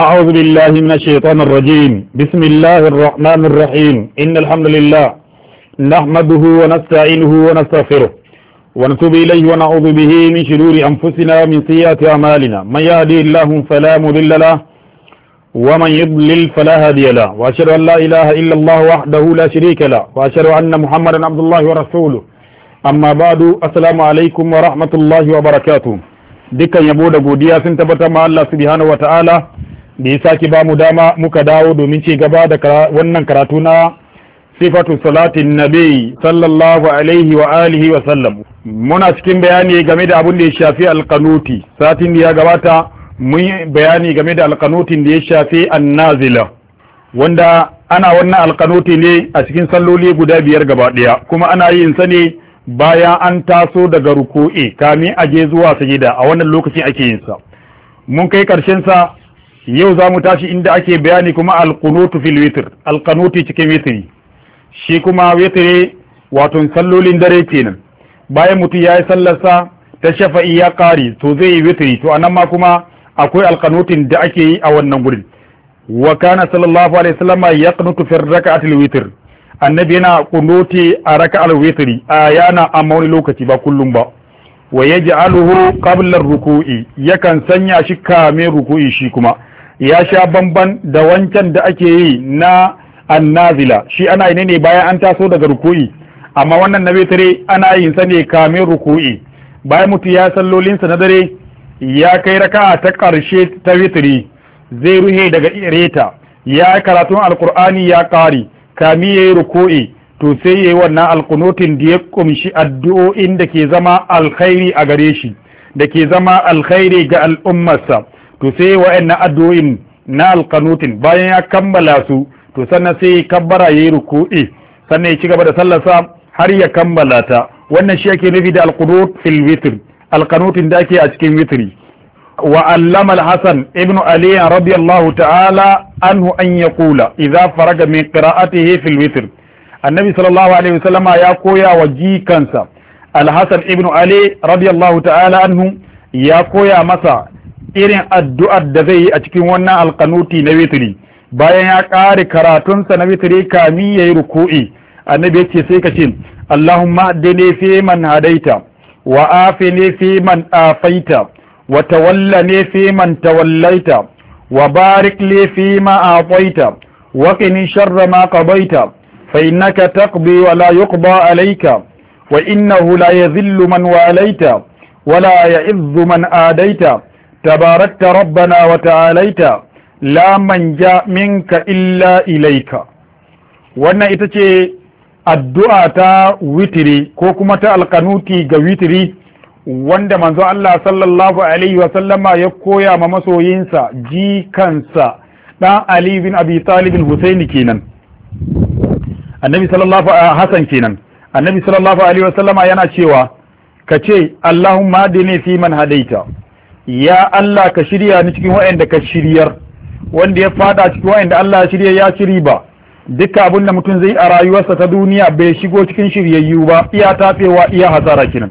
أعوذ بالله من الشيطان الرجيم بسم الله الرحمن الرحيم إن الحمد لله نحمده ونستعينه ونستغفره ونتوب إليه ونعوذ به من شرور أنفسنا من سيئات أعمالنا من يهدي الله فلا مضل له ومن يضلل فلا هادي له وأشهد أن لا إله إلا الله وحده لا شريك له وأشهد أن محمدا عبد الله ورسوله أما بعد السلام عليكم ورحمة الله وبركاته dukkan yabo da godiya sun tabbatar ma Allah subhanahu da ya sake ba mu dama muka dawo domin ci gaba da wannan karatu na sifatu salatin nabi sallallahu alaihi wa alihi wa sallam muna cikin bayani game da abin da ya shafi alkanuti satin da ya gabata mun bayani game da alkanutin da ya shafi annazila wanda ana wannan alkanuti ne a cikin salloli guda biyar gaba daya kuma ana yin sa ne bayan an taso daga ruku'i kamin aje zuwa sajida a wannan lokacin ake yin sa mun kai karshen sa yau za mu tashi inda ake bayani kuma alkunutu fil witr alkanuti cikin witri shi kuma witri wato sallolin dare kenan bayan mutum ya yi sallarsa ta shafa ya ƙari to zai yi witri to anan ma kuma akwai alkanutin da ake yi a wannan gurin wa kana sallallahu alaihi wasallam yaqnutu fi rak'ati al-witr annabi yana kunuti a raka'al witri a yana amma wani lokaci ba kullum ba wa yaj'aluhu qabla ar-ruku'i yakan sanya shi kame ruku'i shi kuma ya sha bamban da wancan da ake yi na annazila shi ana yi ne bayan an taso daga ruku'i amma wannan na tare ana yin sa ne kamin ruku'i bayan mutu ya sallolin sa na dare ya kai raka'a ta karshe ta witiri zai ruhe daga reta ya karatun alkur'ani ya kari kami ya yi ruku'i to sai ya yi wannan alkunotin da ya kumshi addu'o'in da ke zama alkhairi a gare shi da ke zama alkhairi ga al'ummarsa to sai wa'annan addu'o'in na alkanutin bayan ya kammala su to sannan sai kabbara yayi ruku'i sannan ya ci gaba da sallarsa har ya kammala ta wannan shi ake nufi da alqunut fil witr da ake a cikin witri wa allama al-hasan ibn ali radiyallahu ta'ala anhu an yaqula idza faraga min qira'atihi fil witr annabi sallallahu alaihi wasallama ya koya wa jikansa alhassan ibn ali radiyallahu ta'ala anhu ya koya masa irin addu'ar da zai yi a cikin wannan alkanuti na witiri bayan ya ƙare karatunsa na witiri kamin ya yi ruku'i annabi ya ce sai ka ce Allahumma ne fi man hadaita wa ne fi man afaita wa ne fi man tawallaita wa barik ne fi ma ataita wa qini sharra ma qadaita fa innaka taqdi wa la yuqda alayka wa innahu la yadhillu man walaita wa la ya'izzu man adaita tabarakta rabbana wa ta'alaita la ja minka illa ilaika wannan ita ce addu'a ta witiri ko kuma ta alkanuti ga witiri wanda manzo Allah sallallahu alaihi wa sallama ya koya ma masoyinsa jikansa dan Ali bin Abi Talib Husaini kenan annabi sallallahu Hassan kenan annabi sallallahu alaihi wa sallama yana cewa kace Allahumma adini fi man hadaita ya Allah ka shirya ni cikin waɗanda ka shiryar wanda ya fada cikin waɗanda Allah ya shirya ya shiri ba? duka abin da mutum zai a rayuwarsa ta duniya bai shigo cikin shiryayyu ba iya tafewa iya hasara kinan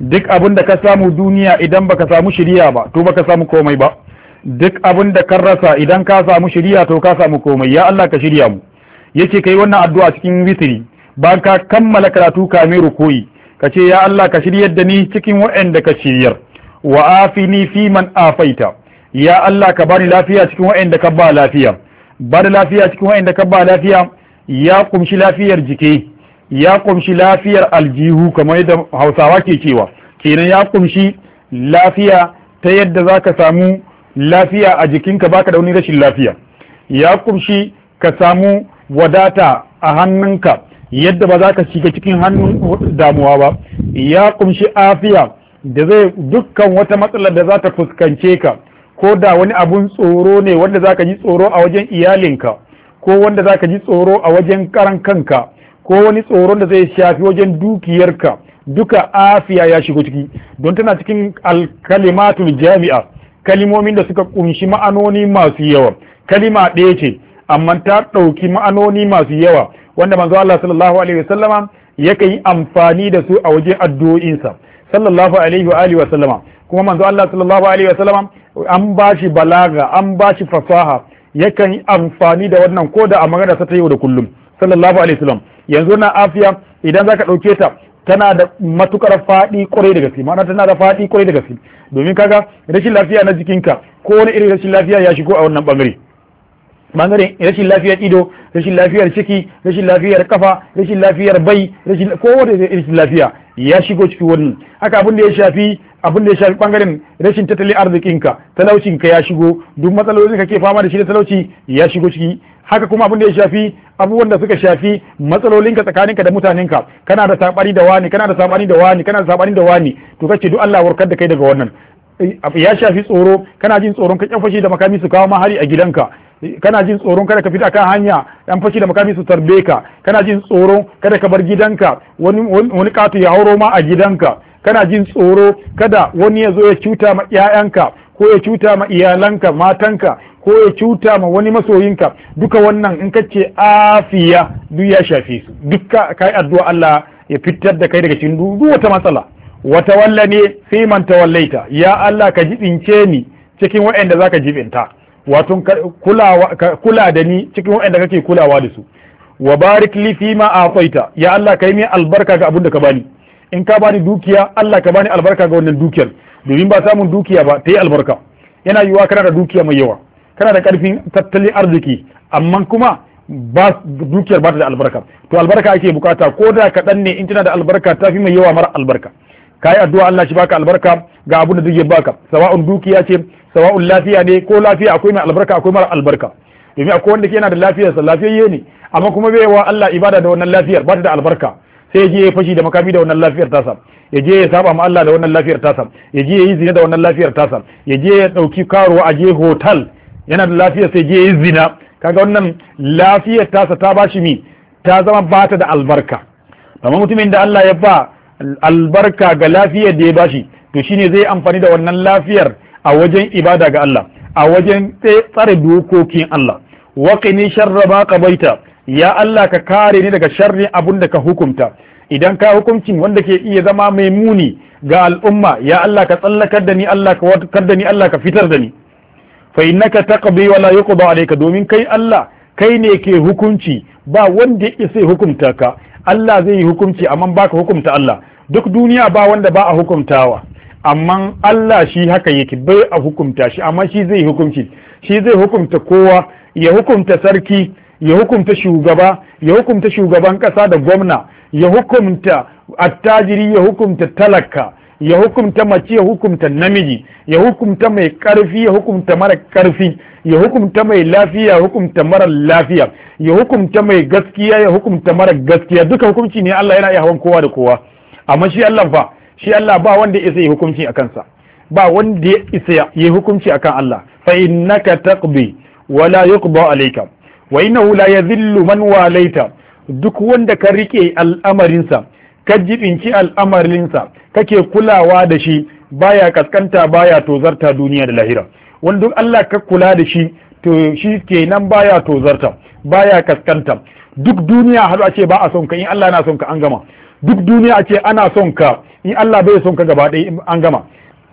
duk abin da ka samu duniya idan baka samu shirya ba to baka samu komai ba duk abin da ka rasa idan ka samu shirya to ka samu komai ya Allah ka shirya mu yace kai wannan addu'a cikin witri Ba ka kammala karatu kamin rukoyi kace ya Allah ka shiryar da ni cikin waɗanda ka shiryar wa afini fi man afaita ya Allah ka bani lafiya cikin wa'anda ka ba lafiya lafiya cikin wa'anda ka ba lafiya ya kumshi lafiyar jiki ya kumshi lafiyar aljihu kamar yadda Hausawa ke cewa kenan ya kumshi lafiya ta yadda za ka samu lafiya a jikinka baka da wani rashin lafiya ya kumshi ka samu wadata a hannunka yadda ba za ka shiga cikin hannun damuwa ba ya kumshi afiya da zai dukkan wata matsalar da za ta fuskance ka ko da wani abun tsoro ne wanda za ka ji tsoro a wajen iyalinka ko wanda za ka ji tsoro a wajen karan kanka ko wani tsoron da zai shafi wajen dukiyarka duka afiya ya shigo ciki don tana cikin alkalimatun jami'a kalimomin da suka kunshi ma'anoni masu yawa kalima ɗaya ce amma ta ɗauki ma'anoni masu yawa wanda manzo Allah sallallahu alaihi wasallama yakan yi amfani da su a wajen addu'o'insa sallallahu alaihi wa alihi wa sallama kuma manzo Allah sallallahu alaihi wa sallama an ba shi balaga an ba shi fasaha yakan yi amfani da wannan koda a magana sa ta yau da kullum sallallahu alaihi wasallam yanzu na afiya idan zaka dauke ta tana da matukar faɗi kwarai da gaske ma'ana tana da faɗi kwarai da gaske domin kaga rashin lafiya na jikinka ko wani irin rashin lafiya ya shigo a wannan bangare bangaren rashin lafiyar ido rashin lafiyar ciki rashin lafiyar kafa rashin lafiyar bai rashin kowace rashin lafiya ya shigo cikin wannan haka abin da ya shafi abin da ya shafi bangaren rashin tattalin arzikinka talaucinka ya shigo duk matsalolin da kake fama da shi da talauci ya shigo ciki haka kuma abin da ya shafi abubuwan da suka shafi matsalolinka tsakaninka da mutanenka kana da sabani da wani kana da sabani da wani kana da sabani da wani to kace duk Allah warkar da kai daga wannan eh, ya shafi tsoro kana jin tsoron ka kyan fashi da makami su kawo mahari a gidanka kana jin tsoron kada ka fita kan hanya yan fashi da makami su tarbe ka kana jin tsoron kada ka bar gidanka wani wani ya hauro ma a gidanka kana jin tsoro kada wani ya zo ya cuta ma 'ya'yanka ko ya cuta ma iyalanka matanka ko ya cuta ma wani masoyinka duka wannan in ka ce afiya duk ya shafi su duka kai addu'a Allah ya fitar da kai daga cikin duk wata matsala wata walla ne sai man tawallaita ya Allah ka jibince ni cikin waɗanda zaka jibinta wato kula da ni cikin waɗanda kake kulawa da su wa barik li fi ma ataita ya Allah kai min albarka ga abin da ka bani in ka bani dukiya Allah ka bani albarka ga wannan dukiyar domin ba samun dukiya ba ta yi albarka yana yiwuwa kana da dukiya mai yawa kana da karfin tattalin arziki amma kuma ba dukiyar ba ta da albarka to albarka ake bukata ko da kaɗan ne in tana da albarka ta fi mai yawa mara albarka Ka yi addu'a Allah shi baka albarka ga abin da duk baka sawa'un dukiya ce sawa'un lafiya ne ko lafiya akwai mai albarka akwai mara albarka domin akwai wanda ke yana da lafiyarsa lafiyayye ne amma kuma bai wa Allah ibada da wannan lafiyar ba ta da albarka sai ya je ya fashi da makami da wannan lafiyar tasa ya je ya saba ma Allah da wannan lafiyar tasa ya je ya yi zina da wannan lafiyar tasa ya je ya dauki karuwa a je hotel yana da lafiyar sai je ya yi zina kaga wannan lafiyar tasa ta bashi mi ta zama bata da albarka amma mutumin da Allah ya ba albarka ga lafiyar da ya bashi to shine zai amfani da wannan lafiyar a wajen ibada ga Allah a wajen tsare dokokin Allah wa qini sharraba ma qabaita ya Allah ka kare ni daga sharrin abun da ka hukunta idan ka hukuncin wanda ke iya zama mai muni ga al'umma ya Allah ka tsallakar da ni Allah ka watkar da ni Allah ka fitar da ni fa innaka taqbi wa la yuqda alayka domin kai Allah kai ne ke hukunci ba wanda ya sai hukunta ka Allah zai yi hukunci amma ka hukunta Allah duk duniya ba wanda ba a hukuntawa amma Allah shi haka yake bai a hukunta shi amma shi zai hukunci shi zai hukunta kowa ya hukunta sarki ya hukunta shugaba ya hukunta shugaban kasa da gwamna ya hukunta attajiri ya hukunta talaka ya hukumta mace ya hukumta namiji ya hukumta mai karfi ya hukumta mara karfi ya hukumta mai lafiya ya hukumta mara lafiya ya hukumta mai gaskiya ya hukumta mara gaskiya duka hukunci ne Allah yana iya hawan kowa da kowa amma shi Allah fa shi Allah ba wanda ya isa yi hukunci a kansa ba wanda ya isa yi hukunci akan Allah fa innaka taqbi wala yuqda alayka wa innahu la yadhillu man walaita duk wanda ka rike al'amarinsa ka jibinci al'amarinsa kake kulawa da shi baya kaskanta baya tozarta duniya da lahira wani duk Allah ka kula da shi to shi ke nan baya tozarta baya kaskanta duk duniya har a ce ba a son ka in Allah na son ka an gama duk duniya a ce ana son ka in Allah bai son ka gaba ɗaya an gama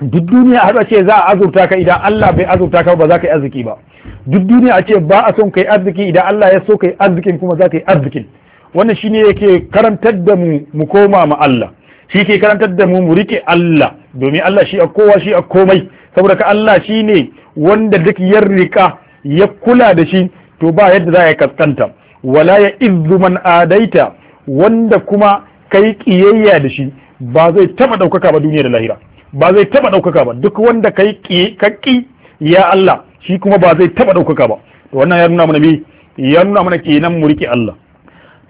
duk duniya har a ce za a azurta ka idan Allah bai azurta ka ba za ka yi arziki ba duk duniya a ce ba a son ka yi arziki idan Allah ya so ka yi arzikin kuma za ka yi arzikin wannan shine yake karantar da mu mu koma ma Allah shi ke karantar da mu mu rike Allah domin Allah shi a kowa shi a komai saboda ka Allah shi ne wanda duk ya rika ya kula da shi to ba yadda za a yi kaskanta wala ya izu man adaita wanda kuma kai ƙiyayya da shi ba zai taba daukaka ba duniya da lahira ba zai taba daukaka ba duk wanda kai ƙi ya Allah shi kuma ba zai taba ɗaukaka ba to wannan ya nuna mana me ya nuna mana kenan mu rike Allah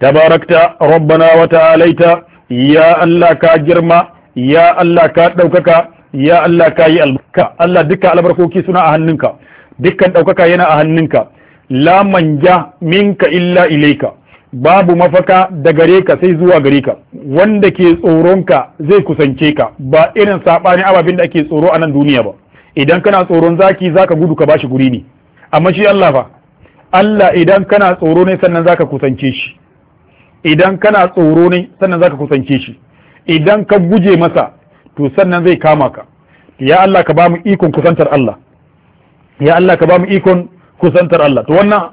tabarakta rabbana wa ta'alaita ya Allah ka girma ya Allah ka ɗaukaka ya Allah ka yi albarka Allah dukkan albarkoki suna a hannunka dukkan ɗaukaka yana a hannunka la manja minka illa ilaika babu mafaka da gare ka sai zuwa gare ka wanda ke tsoronka zai kusance ka ba irin sabani ababen da ake tsoro a nan duniya ba idan kana tsoron zaki zaka gudu ka bashi guri ne amma shi Allah fa Allah idan kana tsoro ne sannan zaka kusance shi idan kana tsoro ne sannan zaka kusance shi idan ka guje masa to sannan zai kama ka ya Allah ka ba mu ikon kusantar Allah ya Allah ka ba mu ikon kusantar Allah to wannan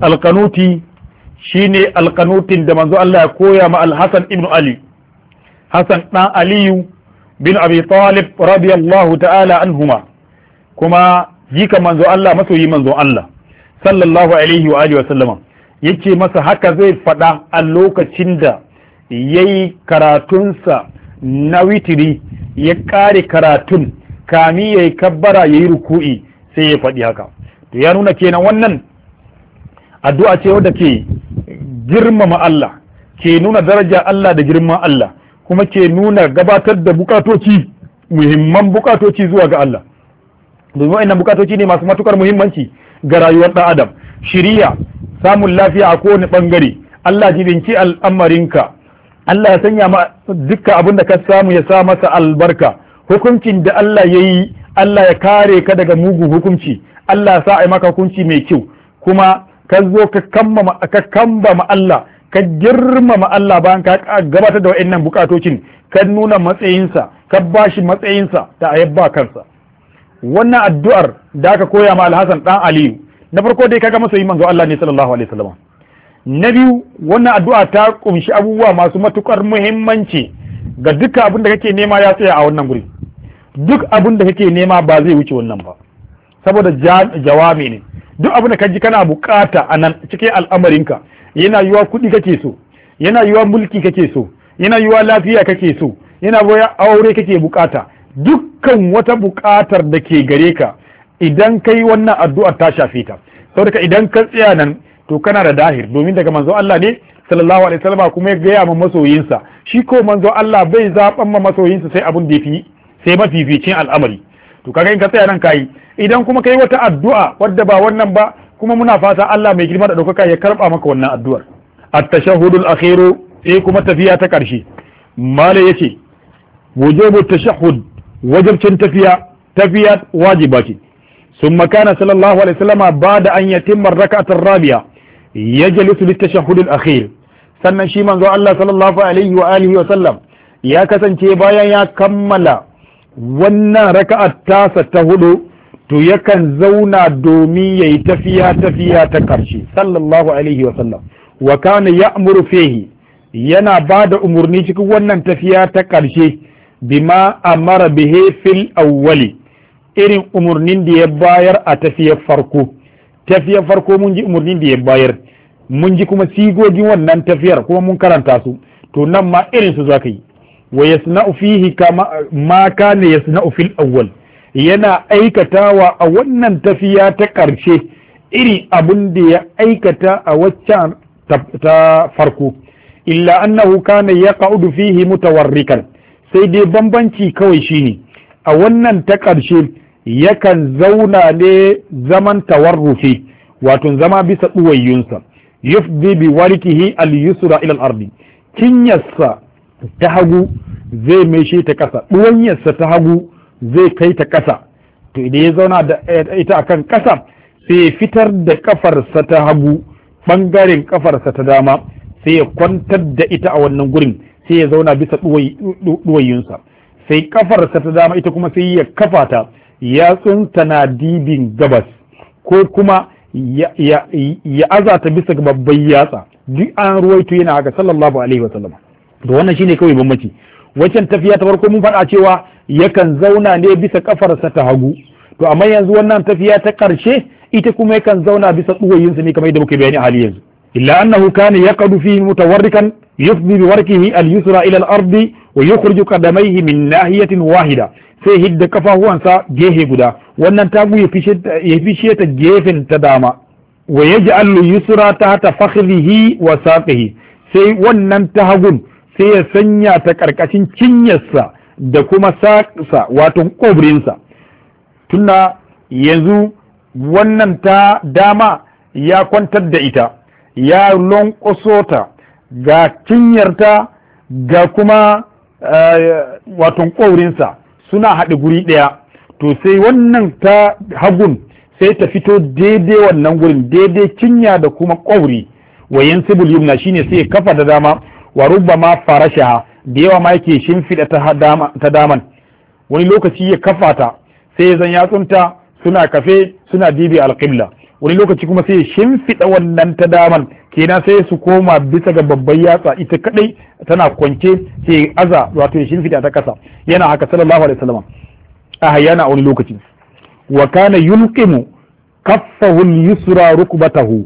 alkanuti shine alkanutin da manzo Allah ya koya ma al-Hasan ibn Ali Hasan dan Aliyu bin Abi Talib radiyallahu ta'ala anhuma kuma jika manzo Allah masoyi manzo Allah sallallahu alaihi wa alihi wa sallama yake masa haka zai faɗa a lokacin da ya yi karatunsa na witiri ya ƙare karatun kami ya yi kabbara ya yi ruku'i sai ya faɗi haka to ya nuna kenan wannan addu'a ce wadda ke girmama Allah ke nuna daraja Allah da girman Allah kuma ke nuna gabatar da bukatoci muhimman bukatoci zuwa ga Allah domin wa'annan bukatoci ne masu matukar muhimmanci ga rayuwar ɗan adam shiriya samun lafiya a kowane bangare Allah jibinci al'amarinka Allah ya sanya ma dukkan abin da ka samu ya sa masa albarka hukuncin da Allah ya yi Allah ya kare ka daga mugun hukunci Allah ya sa a maka hukunci mai kyau kuma ka zo ka kamba ma Allah ka girmama Allah bayan ka gabatar da wa'annan bukatocin ka nuna matsayinsa ka bashi matsayinsa da a yabba kansa wannan addu'ar da aka koya ma Alhassan dan Aliyu na farko dai kaga masoyin manzo Allah ne sallallahu alaihi wasallam na biyu wannan addu'a ta kunshi abubuwa masu matukar muhimmanci ga duka abin da kake nema ya tsaya a wannan guri duk abin da kake nema ba zai wuce wannan ba saboda jawami ne duk abin da kaji kana bukata a nan cikin al'amarinka yana yiwa kuɗi kake so yana yiwa mulki kake so yana yiwa lafiya kake so yana yiwa aure kake bukata dukkan wata bukatar da ke gare ka idan kai wannan addu'ar ta shafe ta saboda idan ka tsaya nan to kana da dahir domin daga manzo Allah ne sallallahu alaihi wasallam kuma ya gaya ma masoyinsa shi ko manzo Allah bai zaban ma masoyinsa sai abun da yafi sai mafificin al'amari to kaga in ka tsaya nan kai idan kuma kai wata addu'a wadda ba wannan ba kuma muna fata Allah mai girma da daukaka ya karba maka wannan addu'ar at-tashahhudul akhiru sai kuma tafiya ta karshe mala yace wajibu tashahhud wajibcin tafiya tafiya wajiba ce ثم كان صلى الله عليه وسلم بعد أن يتم الركعة الرابعة يجلس للتشهد الأخير sannan shi manzo Allah sallallahu wa alihi ya kasance bayan ya kammala wannan raka'a ta hudu to yakan zauna domin yayi tafiya tafiya ta karshe sallallahu alaihi wa sallam wa kana ya'muru fihi yana bada umurni cikin wannan tafiya ta ƙarshe bima mara bihi fil awwali irin umarnin da ya bayar a tafiyar farko tafiyar farko mun ji umarnin da ya bayar mun ji kuma sigogin wannan tafiyar kuma mun karanta su to nan ma irin su zaka yi wa yasna'u fihi kama ma kana yasna'u fil awwal yana aikatawa a wannan tafiya ta ƙarshe iri abin da ya aikata a waccan ta farko illa annahu kana yaqa'udu fihi mutawarrikan sai dai bambanci kawai shine a wannan ta ƙarshe yakan zauna ne zaman tawarrufi wato zama bisa ɗuwayyunsa yufdi bi warikihi al-yusra ila al-ardi kinyarsa ta hagu zai maishe ta ƙasa ɗuwanyarsa ta hagu zai kai ta ƙasa to idan ya zauna da eh, ita akan ƙasa sai fitar da ƙafarsa ta hagu ɓangaren ƙafarsa ta dama sai ya kwantar da ita a wannan gurin sai ya zauna bisa ɗuwayinsa sai kafarsa ta dama ita kuma sai ya kafa ta yatsunta na dibin gabas ko kuma ya azata bisa ga babban yatsa duk an ruwaito yana haka sallallahu alaihi sallama. to wannan shine kawai bambanci waccan tafiya ta farko mun faɗa cewa yakan zauna ne bisa kafarsa ta hagu to amma yanzu wannan tafiya ta karshe ita kuma yakan zauna bisa tsuwayinsa ne kamar yadda muke bayani a hali yanzu illa annahu kana yaqadu fi mutawarrikan yufdi bi warqihi al-yusra ila al-ardi wa yukhriju qadamaihi min nahiyatin wahida sai hidda kafafuwansa gehe guda wannan tagu ya fishe ta gefen ta dama wa yaj'alu yusra ta fakhrihi wa saqihi sai wannan ta tahagun sai ya sanya ta karkashin cinyarsa da kuma saqsa wato sa. tunna yanzu wannan ta dama ya kwantar da ita ya lonƙoso ta ga cinyarta ga kuma Eh, waton ƙorinsa suna haɗe guri ɗaya to sai wannan ta hagun sai ta fito daidai wannan gurin daidai cinya da kuma ƙwauri wayan sibul yumna shine sai ya kafa da dama wa ma farashaha da yawa ma yake shimfiɗa ta daman wani lokaci ya kafa ta sai ya zan yatsunta suna kafe suna dibi alƙibla wani lokaci kuma sai ya shimfiɗa wannan ta daman kenan sai su koma bisa ga babban yatsa ita kadai tana kwance sai aza wato ya shimfiɗa ta kasa yana haka sallallahu alaihi wasallam a hayyana wani lokaci wa kana yulqimu kaffahu al-yusra rukbatahu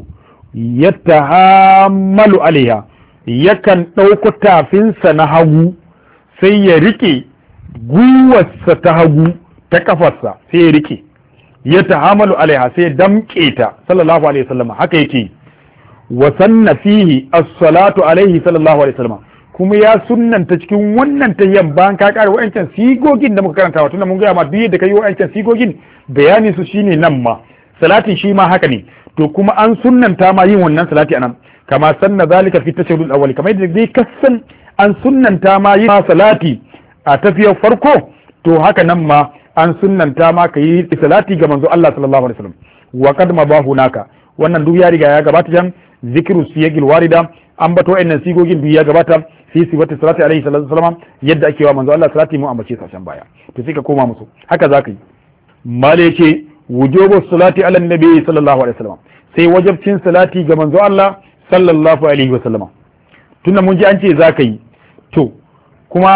yatahammalu alaiha yakan ɗauko tafinsa na hagu sai ya rike guwarsa ta hagu ta kafarsa sai ya rike ya tahamalu alaiha sai damƙe ta sallallahu alaihi wasallam haka yake wa sanna fihi as-salatu alaihi sallallahu alaihi wasallam kuma ya sunnanta cikin wannan tayyan bayan ka kare wa'ancan sigogin da muka karanta wa tunda mun ga ma duk yadda kai wa'ancan sigogin bayanin su shine nan ma salatin shi ma haka ne to kuma an sunnanta ma yin wannan salati anan kama sanna zalika fi tashahhudul awwal kamar yadda dai kasan an sunnanta ma yin salati a tafiyar farko to haka nan ma an sunnanta ma ka yi salati ga manzo Allah sallallahu alaihi wasallam wa qad ba hunaka wannan duk ya riga ya gabata jan zikiru siyagil warida an bato nan sigogin duk ya gabata fi sifati salati alaihi sallallahu alaihi wasallam yadda ake wa manzo Allah salati mu ambace sashen baya to sai ka koma musu haka zaka yi mala yake wujubu salati ala nabi sallallahu alaihi wasallam sai wajabcin salati ga manzo Allah sallallahu alaihi wasallam tunda mun ji an ce zaka yi to kuma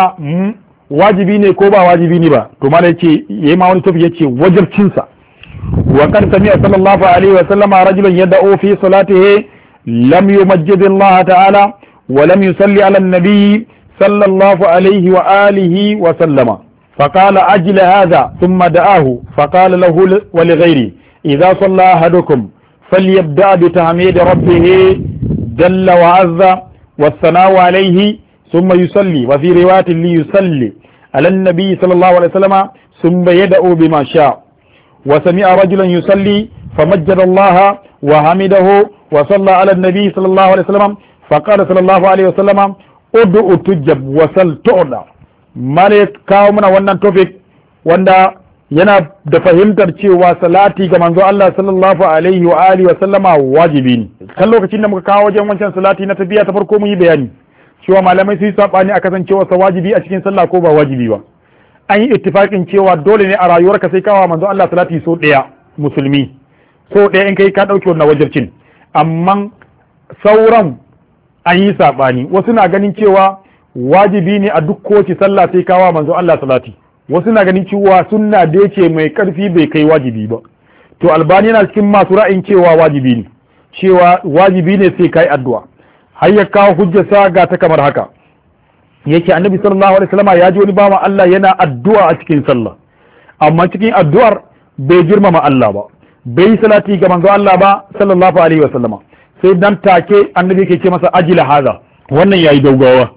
wajibi ne ko ba wajibi ne ba to ma yace yayi ma wani tafi yace wajibcin sa wa kan sami'a sallallahu alaihi wa sallama rajulan yad'u fi salatihi lam yumajjid Allah ta'ala wa lam yusalli ala an-nabi sallallahu alaihi wa alihi wa sallama فقال أجل هذا ثم دعاه فقال له ولغيره إذا صلى أحدكم فليبدأ بتحميد ربه جل وعز والثناء عليه ثم يصلي وفي رواية ليصلي على النبي صلى الله sha. Wa ثم يدعو بما شاء fa رجلا يصلي فمجد الله وحمده وصلى على النبي صلى الله عليه وسلم فقال صلى الله عليه وسلم ادعو تجب وسل تؤدى Mare kawo mana wannan topic wanda yana da fahimtar cewa salati ga manzo Allah sallallahu alaihi wa alihi wa sallama wajibi ne kan lokacin da muka kawo wajen wancan salati na tafiya ta farko mu yi bayani cewa malamai sun yi sabani a kasancewa sa wajibi a cikin sallah ko ba wajibi ba an yi ittifakin cewa dole ne a rayuwarka sai kawa manzo Allah salati so daya musulmi so daya in kai ka dauke wannan wajibcin amma sauran an yi sabani wasu na ganin cewa wajibi ne a duk kowace sallah sai kawa manzo Allah salati wasu na ganin cewa sunna da yake mai karfi bai kai wajibi ba to albani na cikin masu ra'ayin cewa wajibi ne cewa wajibi ne sai kai addu'a har ya kawo hujjarsa ga ta kamar haka yake annabi sallallahu alaihi wasallama ya ji wani bawa Allah yana addu'a a cikin sallah amma cikin addu'ar bai girmama Allah ba bai salati ga manzo Allah ba sallallahu alaihi wasallama sai dan take annabi yake ce masa ajila haza wannan yayi dogawa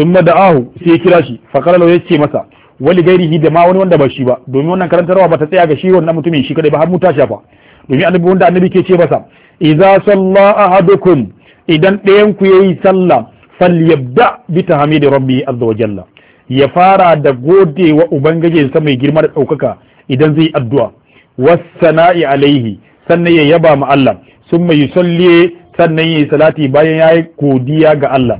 summa da'ahu sai ya kira shi fa qala ya ce masa wali gairihi da ma wani wanda ba shi ba domin wannan karantarwa ba ta tsaya ga shi wannan mutumin shi kadai ba har mu ta shafa domin annabi wanda annabi ke ce masa idza salla ahadukum idan ɗayan ku yayi sallah falyabda bi tahmidi rabbi azza wa jalla ya fara da godewa sa mai girma da ɗaukaka idan zai addu'a wassana'i alaihi sannan ya yaba ma Allah summa yusalli sannan yayi salati bayan yayi godiya ga Allah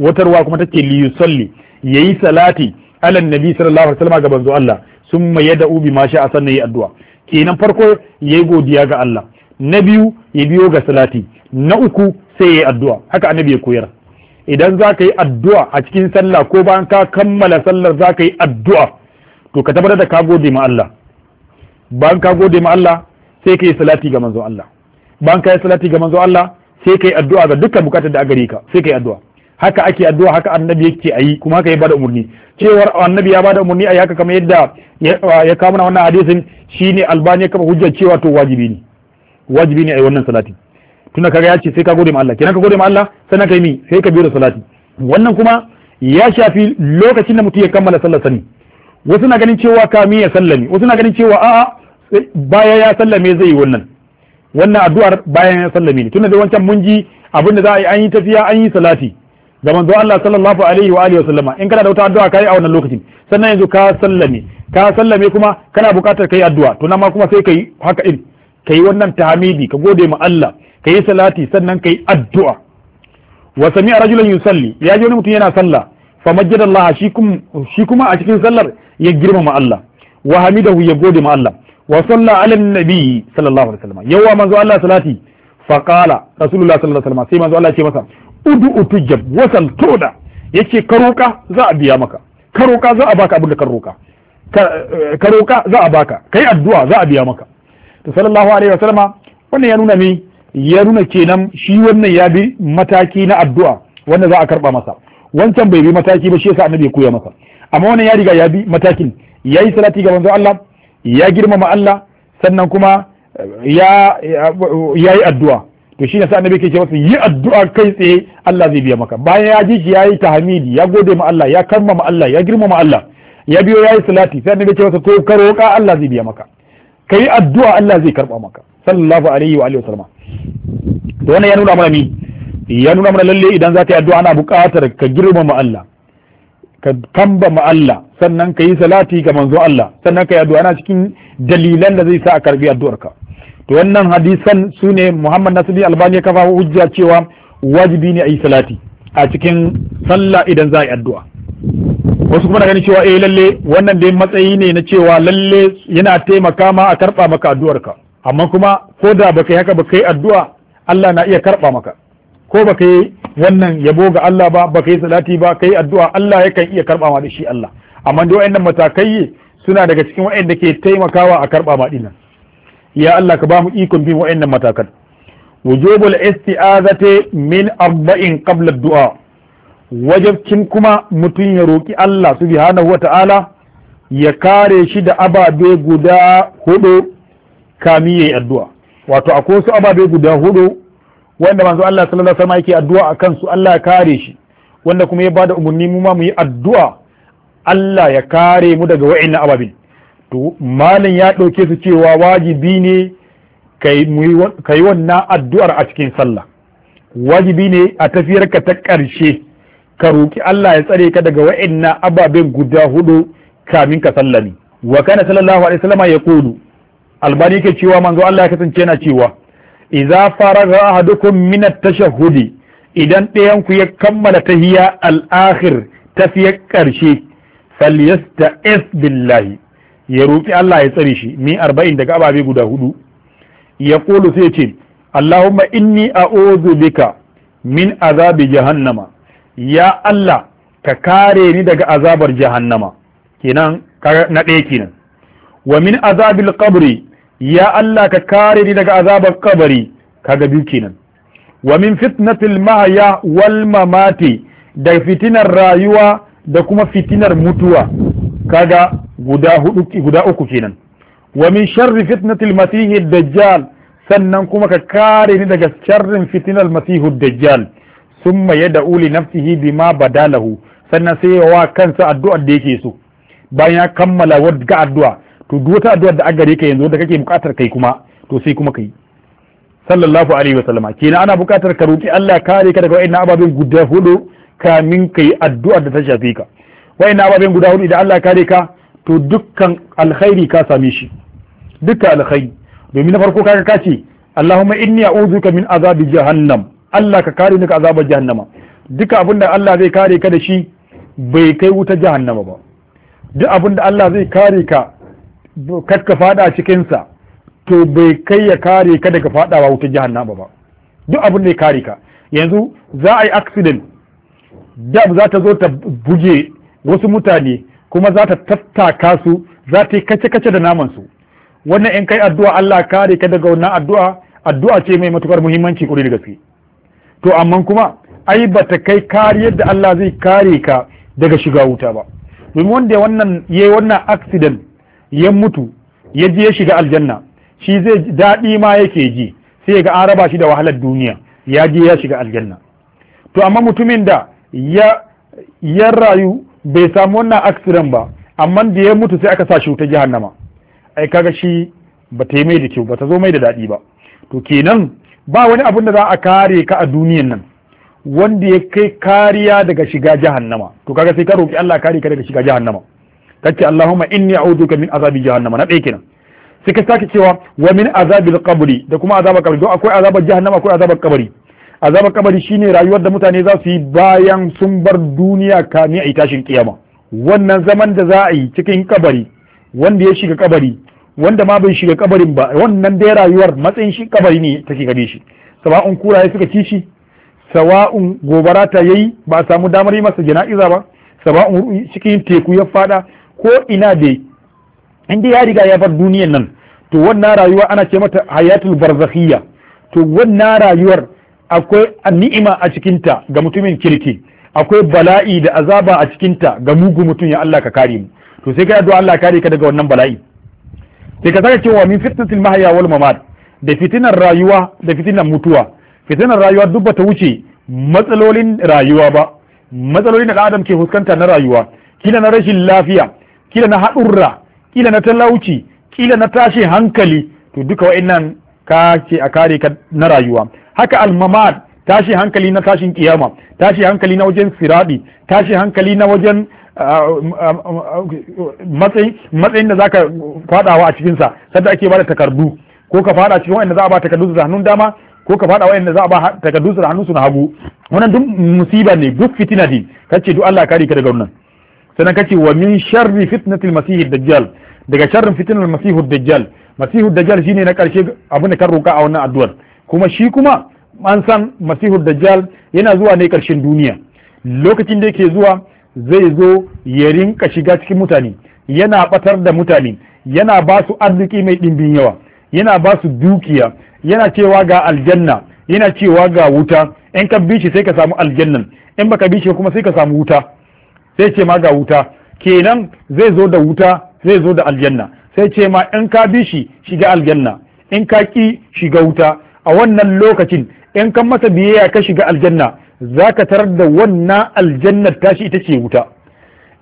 watarwa kuma take li yusalli yayi salati ala nabi sallallahu alaihi wasallam ga banzo Allah summa yad'u bi ma sha'a sannan yayi addu'a kenan farko yayi godiya ga Allah na biyu ya biyo ga salati na uku sai ya yi addu'a haka annabi ya koyar idan za ka yi addu'a a cikin sallah ko bayan ka kammala sallar za ka yi addu'a to ka tabbatar da ka gode ma Allah bayan ka gode ma Allah sai ka yi salati ga manzon Allah bayan ka yi salati ga manzon Allah sai ka yi addu'a ga dukkan bukatar da aka ka sai ka yi addu'a haka ake addu'a haka annabi yake ayi kuma haka ya bada umarni cewar annabi ya bada umarni ayi haka kamar yadda ya kawo mana wannan hadisin shine albani ya kafa hujjar cewa to wajibi ne wajibi ne ayi wannan salati tunda kaga ya ce sai ka gode ma Allah kenan ka gode ma Allah sannan kai mi sai ka biyo da salati wannan kuma ya shafi lokacin da mutum ya kammala sallar sani wasu na ganin cewa ka ya sallame wasu na ganin cewa a'a baya ya sallame zai yi wannan wannan addu'ar bayan ya sallame ne tunda da wancan mun ji abin da za a yi an yi tafiya an yi salati ga manzo Allah sallallahu alaihi wa alihi wa sallama in kana da wata addu'a kai a wannan lokacin sannan yanzu ka sallame ka sallame kuma kana buƙatar kai addu'a to nan ma kuma sai kai haka irin kai wannan tahmidi ka gode ma Allah Ka yi salati sannan ka yi addu'a wa sami'a rajulan salli. ya ji wani mutum yana sallah fa majjada Allah shi kuma a cikin sallar ya girmama Allah wa hamidahu ya gode ma Allah wa salla ala nabi sallallahu alaihi wasallam yawa manzo Allah salati fa qala rasulullah sallallahu alaihi wasallam sai manzo Allah ya ce masa ud'u tujab wasal toda yace ka roka za a biya maka ka roka za a baka abin da ka roka ka roka eh, za a baka kai addu'a za a biya maka to sallallahu alaihi wasallam wannan ya nuna me ya nuna kenan shi wannan ya bi mataki na addu'a wanda za a karba masa wancan bai bi mataki ba shi yasa annabi ya koya masa amma wannan ya riga ya bi matakin ya yi salati ga manzo Allah ya girmama Allah sannan kuma eh, ya ya yi addu'a to shi yasa annabi yake ce masa yi addu'a kai tsaye Allah zai biya maka bayan ya ji shi ya yi tahmidi ya gode ma Allah ya karmama Allah ya girmama Allah ya biyo ya yi salati sai annabi ce masa to ka Allah zai biya maka kai addu'a Allah zai karba maka sallallahu alaihi wa alihi wasallam to wannan ya nuna mana ni ya nuna mana lalle idan za yi addu'a ana buƙatar ka girmama Allah ka kamba ma Allah sannan ka yi salati ga manzo Allah sannan ka yi addu'a ana cikin dalilan da zai sa a karbi addu'arka to wannan hadisan sune Muhammad Nasiru Albani ya kafa hujja cewa wajibi ne a yi salati a cikin sallah idan za a yi addu'a wasu kuma na gani cewa eh lalle wannan dai matsayi ne na cewa lalle yana taimaka ma a karba maka addu'arka amma kuma ko da baka yi haka baka yi addu'a Allah na iya karɓa maka ko baka yi wannan yabo ga Allah ba baka yi salati ba ka yi addu'a Allah yakan iya karɓa ma da shi Allah amma da wayannan matakai suna daga cikin da ke taimakawa a karɓa ma ya Allah ka ba mu ikon bin wayannan matakan wujubul isti'azati min arba'in qabla du'a kin kuma mutum ya roki Allah subhanahu wa ta'ala ya kare shi da ababe guda hudu kami yayi addu'a wato akwai wasu ababe guda hudu wanda manzo Allah sallallahu alaihi wasallam yake addu'a akan su Allah ya kare shi wanda kuma ya bada umarni mu ma mu yi addu'a Allah ya kare mu daga wa'annan ababin to malin ya dauke su cewa wajibi ne kai mu wannan addu'ar a cikin sallah wajibi ne a tafiyarka ta karshe ka roki Allah ya tsare ka daga wa'annan ababen guda hudu kamin ka sallami wa kana sallallahu alaihi wasallam yaqulu albani yake cewa manzo Allah ya kasance yana cewa idza faraga ahadukum min at-tashahhudi idan ɗayan ku ya kammala tahiyya al-akhir tafiyar ƙarshe falyasta'is billahi ya roƙi Allah ya tsare shi mi arba'in daga ababe guda hudu ya kulu sai ce Allahumma inni a'udhu bika min azabi jahannama ya Allah ka kare ni daga azabar jahannama kenan na ɗaya kenan wa min azabil qabri ya Allah ka kare ni daga azabar kabari kaga biyu kenan wa min fitnatil mahaya wal mamati da fitinar rayuwa da kuma fitinar mutuwa kaga guda hudu guda uku kenan wa min sharri fitnatil masihi dajjal sannan kuma ka kare ni daga sharrin fitinar masihu dajjal summa yad'u li nafsihi bima badalahu sannan sai wa kansa addu'ar da yake so bayan ya kammala wadda addu'a to duk wata addu'ar da agare ka yanzu da kake bukatar kai kuma to sai kuma kai sallallahu alaihi wa sallama kenan ana bukatar ka roki Allah kare ka daga wa'annan ababen guda hudu kamin kai addu'ar da ta shafe ka wa'annan ababen guda hudu idan Allah kare ka to dukkan alkhairi ka same shi dukkan alkhairi domin na farko kaga ka ce Allahumma inni a'udhuka min azabi jahannam Allah ka kare ni ka azabar jahannama duka abin da Allah zai kare ka da shi bai kai wuta jahannama ba duk abin da Allah zai kare ka ka fada cikinsa to bai kai ya kare ka daga fadawa wuta jahannama ba duk abin da ya kare ka yanzu za a yi accident Dab za ta zo ta buge wasu mutane kuma za ta tattaka su za ta yi kace-kace da naman su wannan in kai addu'a Allah kare ka daga wannan addu'a addu'a ce mai matukar muhimmanci kuri da gaske to amma kuma ai ba ta kai kariyar da Allah zai kare ka daga shiga wuta ba domin wanda wannan yayi wannan accident ya mutu ya je shiga aljanna shi zai daɗi ma yake ji sai ga an raba shi da wahalar duniya ya je ya shiga aljanna to amma mutumin da ya ya rayu bai samu wannan accident ba amma da ya mutu sai aka sa shi wuta jahannama ai kaga shi ba ta yi mai da kyau ba ta zo mai da daɗi ba to kenan ba wani abin da za a kare ka a duniyan nan wanda ya kai kariya daga shiga jahannama to kaga sai ka roki Allah kare ka daga shiga jahannama kace Allahumma inni a'udhuka min azabi jahannama na ɗaya nan sai ka sake cewa wa min azabil qabri da kuma azabar kabari don akwai azabar jahannama akwai azabar kabari azabar kabari shine rayuwar da mutane za su yi bayan sun bar duniya kamin a yi tashin kiyama wannan zaman da za a yi cikin kabari wanda ya shiga kabari wanda ma bai shiga kabarin ba wannan dai rayuwar matsayin shi kabari ne take gare shi sawa'un kuraye suka ci shi sawa'un gobara ta yayi ba a samu damar yi masa jana'iza ba sawa'un cikin teku ya fada ko ina dai inda ya riga ya bar duniyan nan to wannan rayuwa ana ce mata hayatul barzakhiyya to wannan rayuwar akwai ni'ima a cikinta ga mutumin kirki akwai bala'i da azaba a cikinta ga mugu mutum ya Allah ka kare mu to sai ka addu'a Allah kare ka daga wannan bala'i sai ka saka cewa min fitnatil mahya wal mamat da fitinar rayuwa da fitinar mutuwa fitinar rayuwa duk bata wuce matsalolin rayuwa ba matsalolin da adam ke fuskanta na rayuwa kila na rashin lafiya kila na haɗurra kila na talauci kila na tashi hankali to duka wa'annan ka ce a kare ka na rayuwa haka almamad tashi hankali na tashin kiyama tashi hankali na wajen siradi tashi hankali na wajen matsayin da zaka fadawa a cikinsa sadda ake bada takardu ko ka fada cikin wa'anda za a ba takardu da hannun dama ko ka fada wa'anda za a ba takardu da hannun su na hagu wannan duk musiba ne duk fitina ne kace duk Allah kare ka daga wannan sannan kace wa min sharri fitnatil masihid dajjal daga sharrin fitnatil masihid dajjal masihid dajjal shine na karshe abin da kan roka a wannan addu'ar kuma shi kuma an san masihid dajjal yana zuwa ne karshen duniya lokacin da yake zuwa zai zo ya rinka shiga cikin mutane yana batar da mutane yana ba su arziki mai dimbin yawa yana ba su dukiya yana cewa ga aljanna yana cewa ga wuta in ka bi shi sai ka samu aljannan in baka bi shi kuma sai ka samu wuta sai ce ma ga wuta kenan zai zo da wuta zai zo da aljanna sai ce ma in ka bi shi shiga aljanna in ka ki shiga wuta a wannan lokacin in kan masa biyayya ka shiga aljanna za ka tarar da wannan aljannar tashi ita ce wuta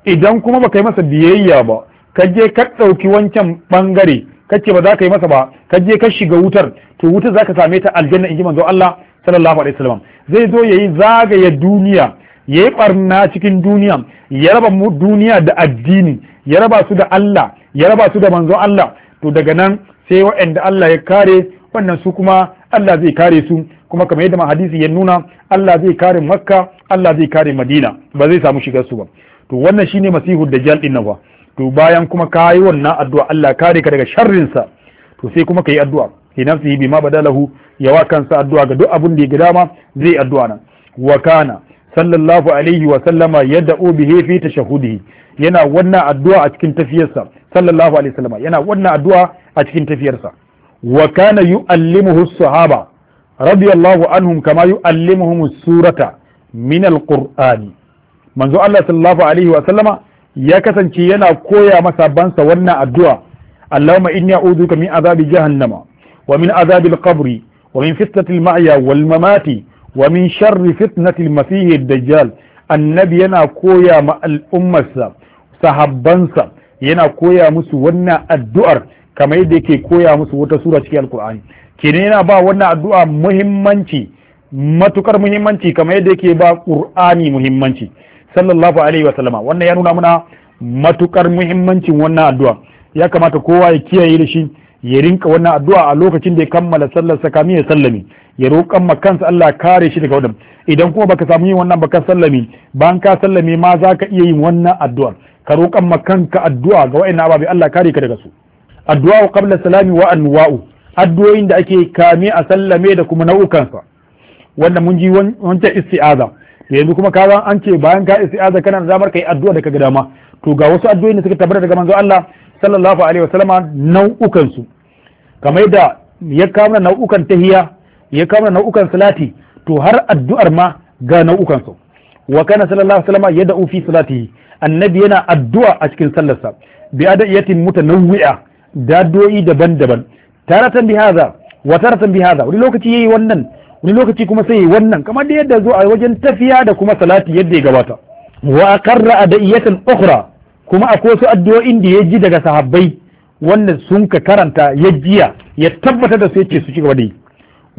idan kuma baka yi masa biyayya ba ka je ka ɗauki wancan ɓangare ka ce ba za ka yi masa ba ka je ka shiga wutar to wutar za ka same ta aljanna in ji manzo Allah sallallahu alaihi wasallam zai zo yayi zagaya duniya ya yi barna cikin duniya ya raba duniya da addini ya raba su da Allah ya raba su da manzon Allah to daga nan sai waɗanda Allah ya kare wannan su kuma Allah zai kare su kuma kamar yadda hadisi ya nuna Allah zai kare Makka Allah zai kare Madina ba zai samu shigar su ba to wannan shine masihu dajjal din nan ba to bayan kuma ka yi wannan addu'a Allah kare ka daga sharrin sa to sai kuma ka yi addu'a fi nafsihi bima badalahu yawa kansa addu'a ga duk abin da ya ga dama zai addu'a nan wa kana sallallahu alaihi wa sallama yad'u bihi fi tashahudihi yana wannan addu'a a cikin tafiyarsa sallallahu alaihi wasallama yana wannan addu'a a cikin tafiyarsa wa kana yu'allimuhu sahaba radiyallahu anhum kama yu'allimuhum surata min alqur'ani manzo Allah sallallahu alaihi wa sallama ya kasance yana koya masa bansa wannan addu'a Allahumma inni a'udhuka min azabi jahannama wa min azabi al-qabri wa min fitnati al-mahya wa min sharri fitnatil masihi dajjal annabi yana koya ma al'ummarsa sahabbansa yana koya musu wannan addu'ar kamar yadda yake koya musu wata sura cikin alkur'ani kenan yana ba wannan addu'a muhimmanci matukar muhimmanci kamar yadda yake ba qur'ani muhimmanci sallallahu alaihi wa sallama wannan ya nuna muna matukar muhimmancin wannan addu'a ya kamata kowa ya kiyaye da shi ya rinka wannan addu'a a lokacin da ya kammala sallar sa kamin ya sallami ya roƙan ma kansa Allah kare shi daga wannan idan kuma baka samu yin wannan baka sallame bayan ka sallame ma za ka iya yin wannan addu'ar ka roƙan ma kanka addu'a ga wa'annan ababe Allah kare ka daga su addu'a qabla salami wa anwa'u addu'o'in da ake kame a sallame da kuma nau'ukansa wanda mun ji wancan isti'aza to yanzu kuma ka an ce bayan ka isti'aza kana da damar kai addu'a da kaga dama to ga wasu addu'o'in da suka tabbata daga manzo Allah sallallahu alaihi wasallama nau'ukan su kamar da ya kawo nau'ukan tahiya ya kama nau'ukan salati to har addu'ar ma ga nau'ukan su wa kana sallallahu alaihi wasallam yad'u fi salatihi annabi yana addu'a a cikin sallarsa bi adayatin mutanawwi'a dadoyi daban-daban taratan bi hadha wa taratan bi hadha wani lokaci yayi wannan wani lokaci kuma sai yayi wannan kamar da yadda zo a wajen tafiya da kuma salati yadda ya gabata wa aqarra adiyatan ukhra kuma akwai su addu'o'in da ya ji daga sahabbai wannan sun ka karanta ya jiya ya tabbatar da su yace su ci gaba da yi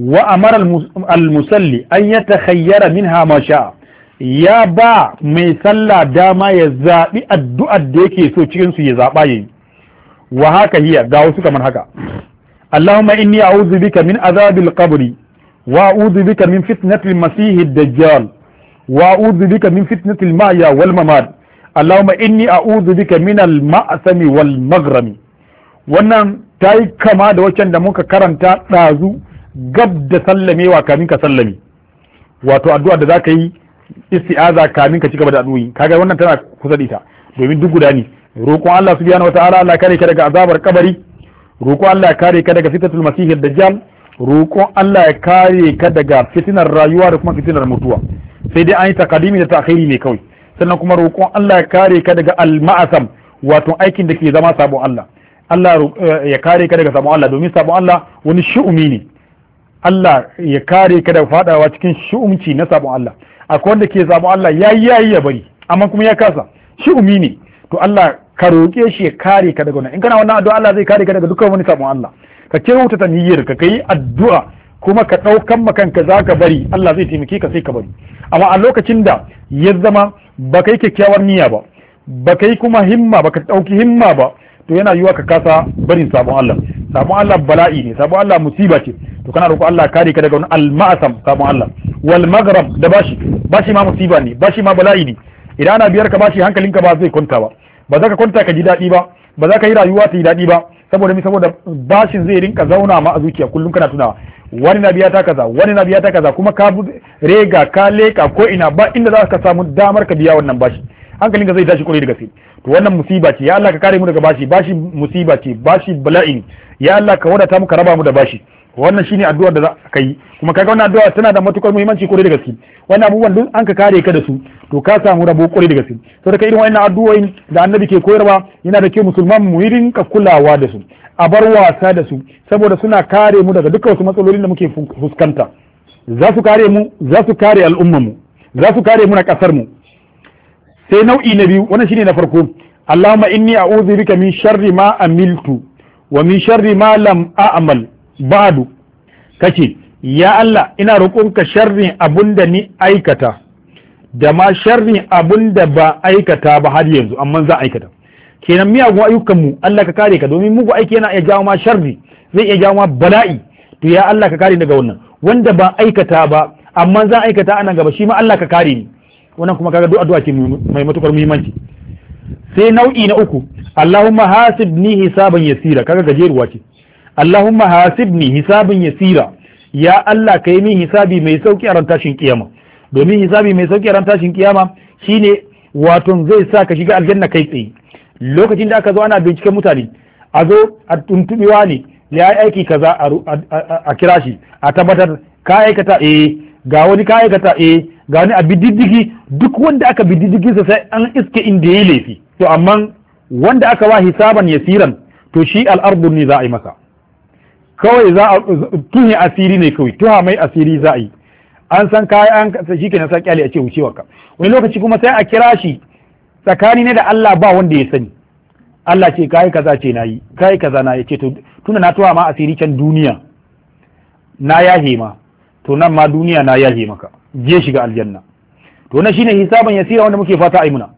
wa amara al-musalli an yatakhayyara minha ma sha'a ya ba mai sallah dama ya zaɓi addu'ar da yake so cikinsu ya zaɓa yayi wa haka hiya ga wasu kaman haka Allahumma inni a'udhu bika min azabil qabri wa a'udhu bika min fitnatil masih ad-dajjal wa a'udhu bika min fitnatil ma'ya wal mamat Allahumma inni a'udhu bika min al-ma'sami wal maghrami wannan tayi kama da waccan da muka karanta ɗazu gab da sallamewa kamin ka sallame wato addu'a da zaka yi isti'aza kamin ka cigaba da addu'o'i kaga wannan tana kusa da ita domin duk guda ne roƙon Allah subhanahu wataala Allah kare ka daga azabar kabari roƙon Allah ya kare ka daga fitatul masihid dajjal roƙon Allah ya kare ka daga fitinar rayuwa da kuma fitinar mutuwa sai dai an yi takadimi da ta'khiri ne kawai sannan kuma roƙon Allah ya kare ka daga al-ma'asam wato aikin da ke zama sabon Allah Allah eh, ya kare ka daga sabon Allah domin sabon Allah wani shu'umi ne Allah ya kare ka da fadawa cikin shu'umci na sabon Allah akwai wanda ke sabon Allah ya yi yayi ya bari amma kuma ya kasa Shi'umi ne to Allah ka roƙe shi ya kare ka daga wannan in kana wannan addu'a Allah zai kare ka daga dukkan wani sabon Allah ka wuta ta niyyar ka kai addu'a kuma ka ɗaukan makanka za ka bari Allah zai taimake ka sai ka bari amma a lokacin da ya zama ba kai kyakkyawar niyya ba ba kai kuma himma ba ka ɗauki himma ba to yana yiwuwa ka kasa barin sabon Allah samu Allah bala'i ne sabon Allah musiba ce to kana roƙo Allah kare ka daga wani al-ma'asam Allah wal maghrab da bashi bashi ma musiba ne bashi ma bala'i ne idan ana biyar ka bashi hankalinka ba zai kwanta ba ba za ka kwanta ka ji daɗi ba ba za ka yi rayuwa ta yi daɗi ba saboda mi saboda bashin zai rinka zauna ma a zuciya kullum kana tunawa wani na biya ta kaza wani na biya ta kaza kuma ka rega ka leka ko ina ba inda za ka samu damar ka biya wannan bashi hankalin ka zai tashi kwarai da gaske to wannan musiba ce ya Allah ka kare mu daga bashi bashi musiba ce bashi bala'in ya Allah ka wadata mu ka raba mu da bashi wannan shine addu'ar da za ka yi kuma kaga wannan addu'a tana da matukar muhimmanci kwarai da gaske wannan abubuwan duk an ka kare ka da su to ka samu rabo kwarai da gaske saboda kai irin wannan addu'o'in da annabi ke koyarwa yana da kyau musulman mu irin ka kulawa da su a bar wasa da su saboda suna kare mu daga dukkan wasu matsalolin da muke fuskanta za su kare mu za su kare al'ummar mu za su kare mu na kasar mu sai nau'i na biyu wannan shine na farko Allahumma inni a'udhu bika min sharri ma amiltu wa min sharri ma lam a'mal ba'du kace ya Allah ina roƙonka sharri abunda ni aikata da ma sharri abunda ba aikata ba har yanzu amma za aikata kenan miyagun ayyukan mu Allah ka kare ka domin mugu aiki yana iya jawo ma sharri zai iya jawo ma bala'i to ya Allah ka kare daga wannan wanda ba aikata ba amma za aikata a nan gaba shi ma Allah ka kare ni wannan kuma kaga duk addu'a ce mai matukar muhimmanci sai nau'i na uku Allahumma hasibni hisaban yasira kaga gajeruwa ce Allahumma hasibni hisaban yasira ya Allah ka yi min hisabi mai sauki a ran tashin kiyama domin hisabi mai sauki a ran tashin kiyama shine wato zai sa ka shiga aljanna kai tsaye lokacin da aka zo ana binciken mutane a zo a tuntubi ne ya yi aiki kaza a kira shi a tabbatar ka aikata eh ga wani ka aikata eh gani a bididdigi duk wanda aka sa sai an iske inda ya laifi to amma wanda aka ba hisaban yasiran to shi al'ardun ne za a yi masa kawai za a tuhi asiri ne kawai tuha mai asiri za a yi an san kaya an shi kenan san kyale a ce wuce ka wani lokaci kuma sai a kira shi tsakani ne da Allah ba wanda ya sani Allah ce kai kaza ce nayi kai kaza na yace to tuna na tuwa ma asiri can duniya na yahe ma to nan ma duniya na yahe maka je shiga aljanna to na shine hisaban yasira wanda muke fata ayi muna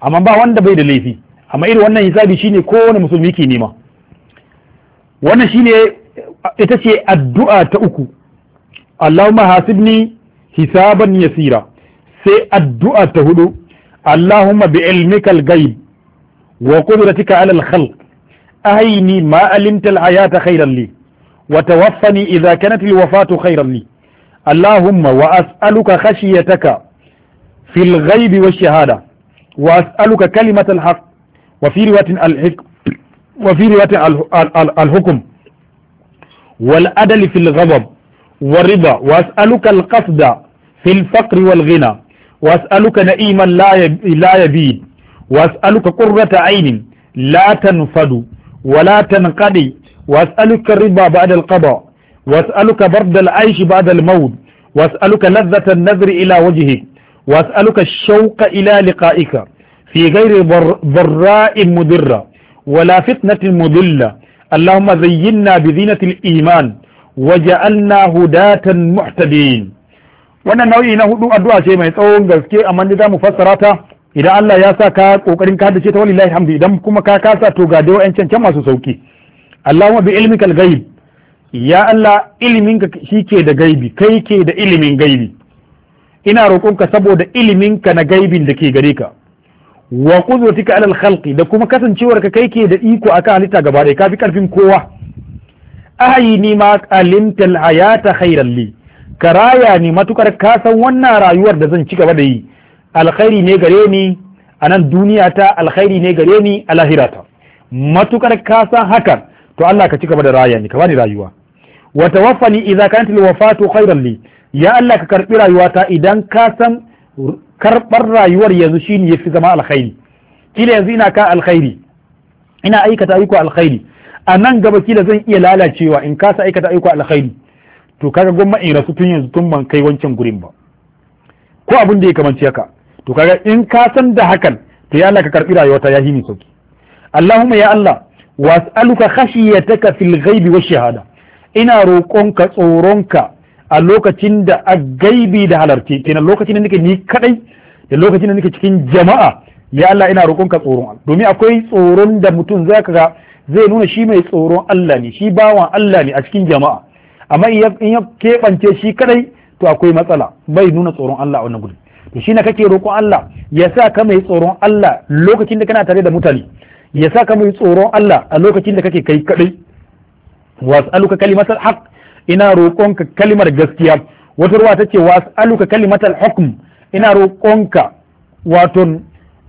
amma ba wanda bai da laifi amma irin wannan hisabi shine kowane musulmi ke nema wannan shine ita ce addu'a ta uku Allahumma hasibni hisaban yasira sai addu'a ta hudu Allahumma bi ilmikal ghaib wa qudratika ala al-khalq ahini ma alimta hayata khayran wata wa tawaffani idha kanat al اللهم وأسألك خشيتك في الغيب والشهادة وأسألك كلمة الحق وفي رواية الحكم وفي رواية الحكم والعدل في الغضب والرضا وأسألك القصد في الفقر والغنى وأسألك نئيما لا يبيد وأسألك قرة عين لا تنفد ولا تنقضي وأسألك الربا بعد القضاء وأسألك برد العيش بعد الموت واسألك لذة النذر إلى وجهك واسألك الشوق إلى لقائك في غير ضراء مضرة ولا فتنة مضلة اللهم زينا بزينة الإيمان وجعلنا هداة محتدين wannan nau'i na hudu addu'a ce mai tsawon gaske amma za mu fassara ta idan Allah ya sa ka kokarin ka dace ta walillahi hamdu idan kuma ka kasa to ga dai wa'ancan can masu sauki Allahumma bi ilmikal ghaib ya Allah iliminka shi ke da gaibi kai ke da ilimin gaibi ina roƙonka saboda iliminka na gaibin da ke gare ka wa ka alal khalqi da kuma kasancewarka kai ke da iko akan halitta gaba ɗaya kafi karfin kowa ni ma alimta alhayata khairan li ka raya ni matukar ka san wannan rayuwar da zan ci gaba da yi alkhairi ne gare ni a nan duniya ta alkhairi ne gare ni a lahirata matukar ka san hakan to Allah ka ci gaba da raya ni ka bani rayuwa wa tawaffani idza kanat alwafatu khayran li ya Allah ka karbi rayuwata idan ka san karbar rayuwar yanzu shine yafi zama alkhairi kila yanzu ina ka alkhairi ina aikata aiko alkhairi a nan gaba kila zan iya lalacewa in kasa aikata aiko alkhairi to kaga gwamma in rasu tun yanzu tun ban kai wancan gurin ba ko abin da ya kamanci haka to kaga in ka san da hakan to ya Allah ka karbi rayuwata ya hini sauki Allahumma ya Allah was'aluka khashiyataka fil ghaibi wash shahada ina roƙonka tsoronka a lokacin da a gaibi da halarci kenan lokacin da nake ni kadai da lokacin da nake cikin jama'a ya Allah ina roƙonka tsoron domin akwai tsoron da mutum zaka kaga zai nuna shi mai tsoron Allah ne shi bawan Allah ne a cikin jama'a amma in ya keɓance shi kadai to akwai matsala bai nuna tsoron Allah a wannan gudun to shi na kake roƙon Allah ya sa ka mai tsoron Allah lokacin da kana tare da mutane ya sa ka mai tsoron Allah a lokacin da kake kai kadai was'aluka kalimatal haq ina roƙonka kalimar gaskiya wata ruwa tace was'aluka kalimatal hukm ina roƙonka waton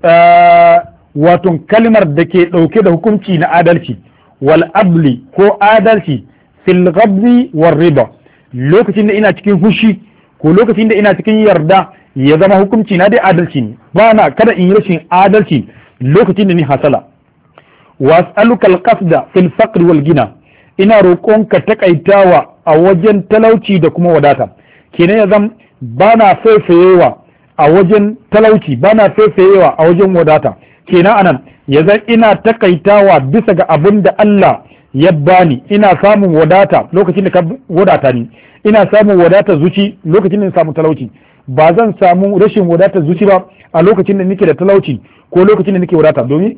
eh, waton kalimar da ke ɗauke da hukunci na adalci wal abli ko adalci fil ghabri war riba lokacin da ina cikin fushi ko lokacin da ina cikin yarda ya zama hukunci na dai adalci ne ba na kada in yi rashin adalci lokacin da ni hasala was'aluka al qasda fil faqr wal gina ina roƙonka taƙaitawa a wajen talauci da kuma wadata kenan ya zan ba na faifayewa a wajen talauci ba na faifayewa a wajen wadata kenan anan ya zan ina taƙaitawa bisa ga abin da Allah ya bani ina samun wadata lokacin da ka wadata ni ina samun wadata zuci lokacin da samu talauci ba zan samu rashin wadata zuci ba a lokacin da nake da talauci ko lokacin da nake wadata domin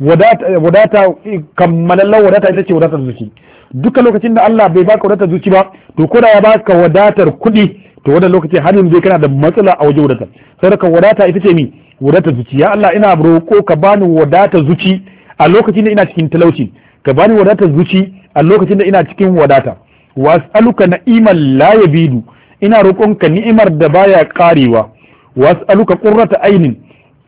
wadata kammalallar wadata ita ce wadata zuci duka lokacin da Allah bai baka wadatar zuci ba to ko da ya baka wadatar kuɗi to wannan lokaci har yanzu kana da matsala a wajen wadatar ka wadata ita ce mi wadatar zuci ya Allah ina roƙo ka bani wadatar zuci a lokacin da ina cikin talauci ka bani wadatar zuci a lokacin da ina cikin wadata was'aluka na'imal la yabidu ina roƙonka ni'imar da baya karewa was'aluka qurrata ainin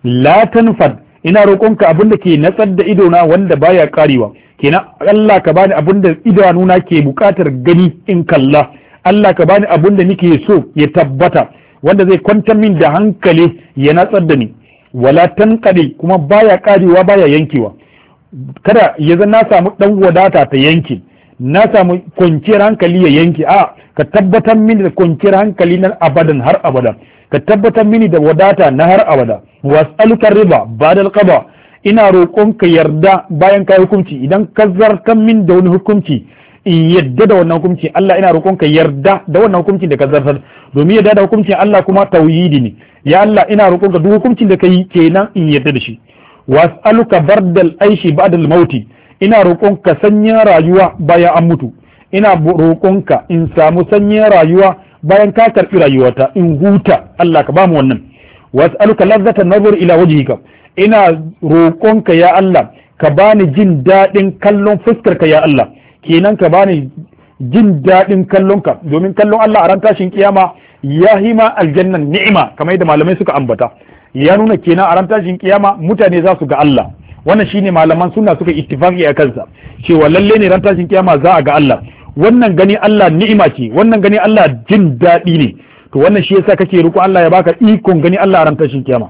la tanfad ina roƙonka abin da ke natsar da idona wanda baya karewa kenan Allah ka bani abin da idanuna ke buƙatar gani in kalla Allah ka bani abin da nike so ya tabbata wanda zai kwantar min da hankali ya natsar da ni wala tanqadi kuma baya karewa baya yankewa kada ya na samu dan wadata ta yanke na samu kwanciyar hankali ya yanke a ka tabbatar mini da kwanciyar hankali na abadan har abada ka tabbatar mini da wadata na har abada was'alukar riba ba da alƙaba ina roƙon ka yarda bayan ka hukunci idan ka zartar min da wani hukunci in yadda da wannan hukunci Allah ina roƙon ka yarda da wannan hukuncin da ka zartar domin yadda da hukuncin Allah kuma tauhidi ne ya Allah ina roƙon ka duk hukuncin da ka yi kenan in yadda da shi was'aluka bardal aishi ba'da al-mauti ina roƙonka sanyin rayuwa bayan an mutu ina roƙonka in samu sanyin rayuwa bayan ka karɓi rayuwata in huta Allah ka bamu wannan was'aluka ladzata nazar ila wajhika ina roƙonka ya Allah ka bani jin daɗin kallon fuskarka ya Allah kenan ka bani jin daɗin kallonka domin kallon Allah a ran tashin kiyama ya hima aljannan ni'ima kamar yadda malamai suka ambata ya nuna kenan a ran tashin kiyama mutane za su ga Allah wannan shine malaman suna suka ittifaki a kansa cewa lalle ne ran tashin kiyama za a ga Allah wannan gani Allah ni'ima ce wannan gani Allah jin daɗi ne to wannan shi yasa kake riko Allah ya baka ikon gani Allah ran tashin kiyama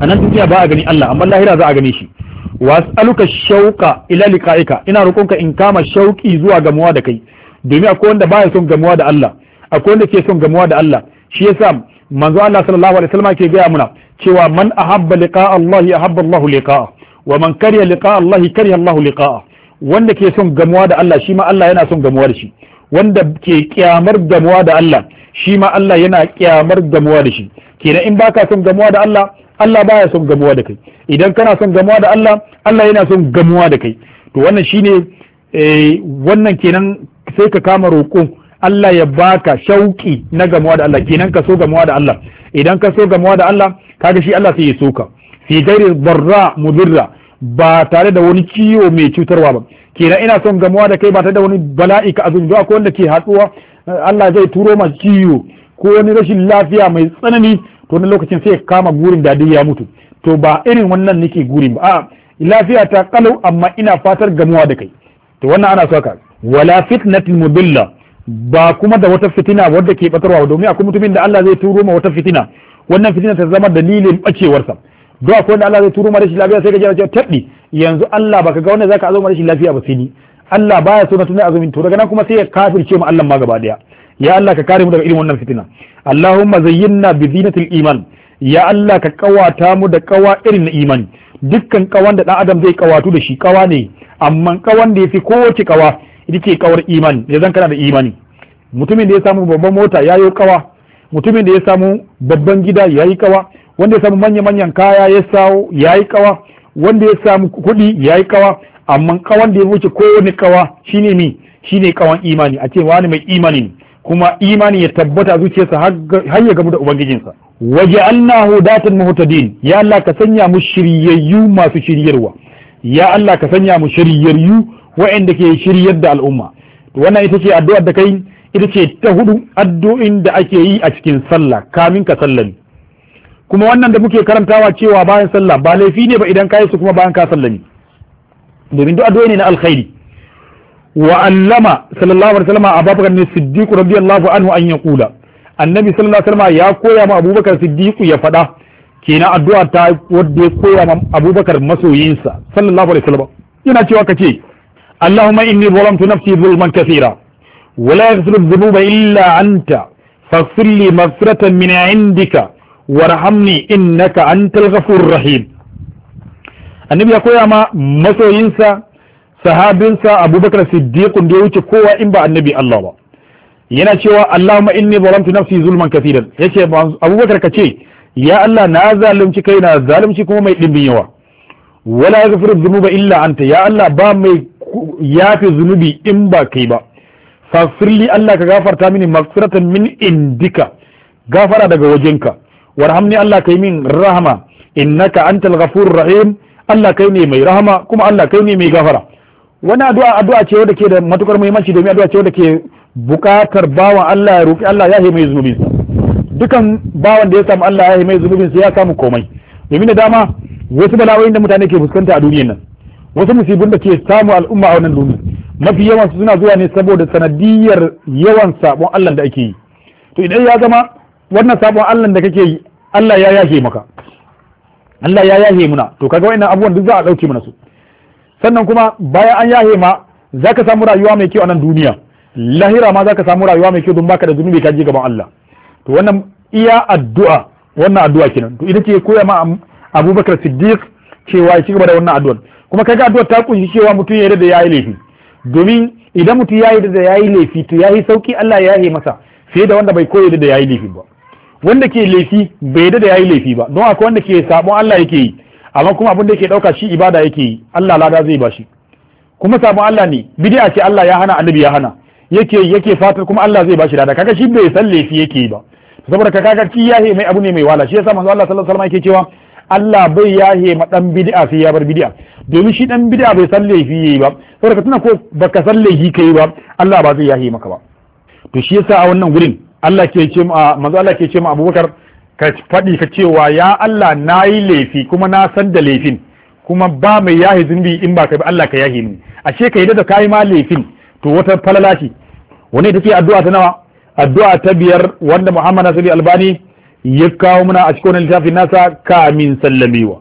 a nan duniya ba a gani Allah amma lahira za a gane shi was'aluka shauqa ila liqa'ika ina roƙonka in kama shauki zuwa gamuwa da kai domin akwai wanda baya son gamuwa da Allah akwai wanda ke son gamuwa da Allah shi yasa manzo Allah sallallahu alaihi wasallam ke gaya muna cewa man ahabba liqa Allah ahabba Allah liqa wa man karya liqa Allah karya Allah liqa wanda ke son gamuwa da Allah shi ma Allah yana son gamuwa da shi wanda ke kyamar gamuwa da Allah shi ma Allah yana kyamar gamuwa da shi kenan in baka son gamuwa da Allah Allah baya son gamuwa da kai idan kana son gamuwa da Allah Allah yana son gamuwa da kai to wannan shine eh, wannan kenan sai ka kama roƙo Allah ya baka shauki na gamuwa da Allah kenan ka so gamuwa da Allah idan ka so gamuwa da Allah kaga shi Allah sai ya soka fi gairi barra mudirra ba tare da wani ciwo mai cutarwa ba kenan ina son gamuwa da kai ba tare da wani bala'i ka azumi ko wanda ke hatsuwa. Allah zai turo ma ciwo ko wani rashin lafiya mai tsanani to wani lokacin sai kama gurin da ya mutu to ba irin wannan nake gurin ba a lafiya ta kalau amma ina fatar gamuwa da kai to wannan ana so ka wala fitnatil mudilla ba kuma da wata fitina wadda ke batarwa domin akwai mutumin da Allah zai turo ma wata fitina wannan fitina ta zama dalilin bacewarsa don akwai wanda Allah zai turo ma rashin lafiya sai ka jira cewa taɗi yanzu Allah baka ga wanda zaka azo ma rashin lafiya ba sai ni Allah baya so na tunai azumin to daga nan kuma sai ya kafirce mu Allah ma gaba daya ya Allah ka kare mu daga irin wannan fitina Allahumma zayyinna bi zinatil iman ya Allah ka kawata mu da kawa irin na imani dukkan kawan da dan adam zai kawatu da shi kawa ne amma kawan da yafi kowace kawa rike kawar imani ne zan kana da imani mutumin da ya samu babban mota ya yi kawa mutumin da ya samu babban gida ya yi kawa wanda ya samu manya-manyan kaya ya sawo ya yi kawa wanda ya samu kuɗi ya yi kawa amma kawan da ya wuce kowane kawa shine mi shine kawan imani a ce wani mai imani kuma imani ya tabbata zuciyarsa har ya gamu da ubangijinsa waje annahu datan muhtadin ya Allah ka sanya mu shiryayyu masu shiryarwa ya Allah ka sanya mu shiryayyu wa'anda ke shiryar da al'umma wannan ita ce addu'ar da kai ita ce ta hudu addu'in da ake yi a cikin sallah kamin ka sallami kuma wannan da muke karantawa cewa bayan sallah ba laifi ne ba idan ka yi su kuma bayan ka sallami domin duk addu'a ne na alkhairi wa allama sallallahu alaihi wasallam abubakar ne siddiq radiyallahu anhu an yaqula annabi sallallahu alaihi wasallam ya koya ma abubakar siddiq ya fada kenan addu'a ta wadde ya koya ma abubakar masoyinsa sallallahu alaihi wasallam yana cewa kace اللهم إني ظلمت نفسي ظلما كثيرا ولا يغفر الذنوب إلا أنت فاغفر لي مغفرة من عندك warhamni innaka antal ghafurur rahim annabi ya koya ma masoyinsa sahabinsa abubakar siddiqun da ya wuce kowa in ba annabi Allah ba yana cewa allahumma inni zalamtu nafsi zulman kaseeran yace abubakar ka ce ya Allah na zalunci kaina zalunci kuma mai dimbin yawa wala yaghfiru dhunuba illa anta ya Allah ba mai yafe zunubi in ba kai ba Fasir li Allah ka gafarta mini maghfiratan min indika gafara daga wajenka warhamni Allah kai min rahama innaka antal ghafurur rahim Allah kai ne mai rahama kuma Allah kai ne mai gafara wani addu'a addu'a ce wadda ke da matukar muhimmanci domin addu'a ce wadda ke bukatar bawan Allah ya roki Allah ya yi mai zunubin dukan bawan da ya samu Allah ya yi mai zunubin ya samu komai domin da dama wasu bala'o'in da mutane ke fuskanta a duniyar nan wasu musibin da ke samu al'umma a wannan duniya mafi yawan su suna zuwa ne saboda sanadiyar yawan sabon Allah da ake yi to idan ya zama wannan sabon Allah da kake yi Allah ya yahe maka Allah ya yahe muna to kaga wa'annan abubuwan duk za a dauke mana su sannan kuma bayan an yahe ma zaka samu rayuwa mai kyau a nan duniya lahira ma zaka samu rayuwa mai kyau don baka da zunubi ka je gaban Allah to wannan iya addu'a wannan addu'a kenan to idan ke koya ma Abubakar Siddiq cewa ya ci gaba da wannan addu'a kuma kai ga addu'a ta kunshi cewa mutum ya da yayi laifi domin idan mutum ya yi da yayi laifi to yayi sauki Allah ya yi masa fiye da wanda bai koyi da yayi laifi ba wanda ke laifi bai da yayi laifi ba don akwai wanda ke sabon Allah yake yi amma kuma abin da yake dauka shi ibada yake yi Allah lada zai bashi kuma sabon Allah ne bid'a ce Allah ya hana annabi ya hana yake yake fatar kuma Allah zai bashi lada kaga shi bai san laifi yake yi ba saboda ka kaga kiyaye mai abu ne mai wala shi yasa manzo Allah sallallahu alaihi wasallam yake cewa Allah bai yahe ma ɗan bidi'a sai ya bar bid'a domin shi dan bidi'a bai san laifi yayi ba saboda ka tuna ko baka san laifi kai ba Allah ba zai yahe maka ba to shi yasa a wannan gurin Allah ke ce ma manzo Allah ke ce ma Abubakar ka faɗi ka cewa ya Allah na yi laifi kuma na san da laifin kuma ba mai yahi zunubi in ba ka bi Allah ka yahi ni ashe ka yadda da kai ma laifin to wata falala ce wani take addu'a ta nawa addu'a ta biyar wanda Muhammad Nasiri Albani ya kawo muna a cikin littafin nasa kamin sallamewa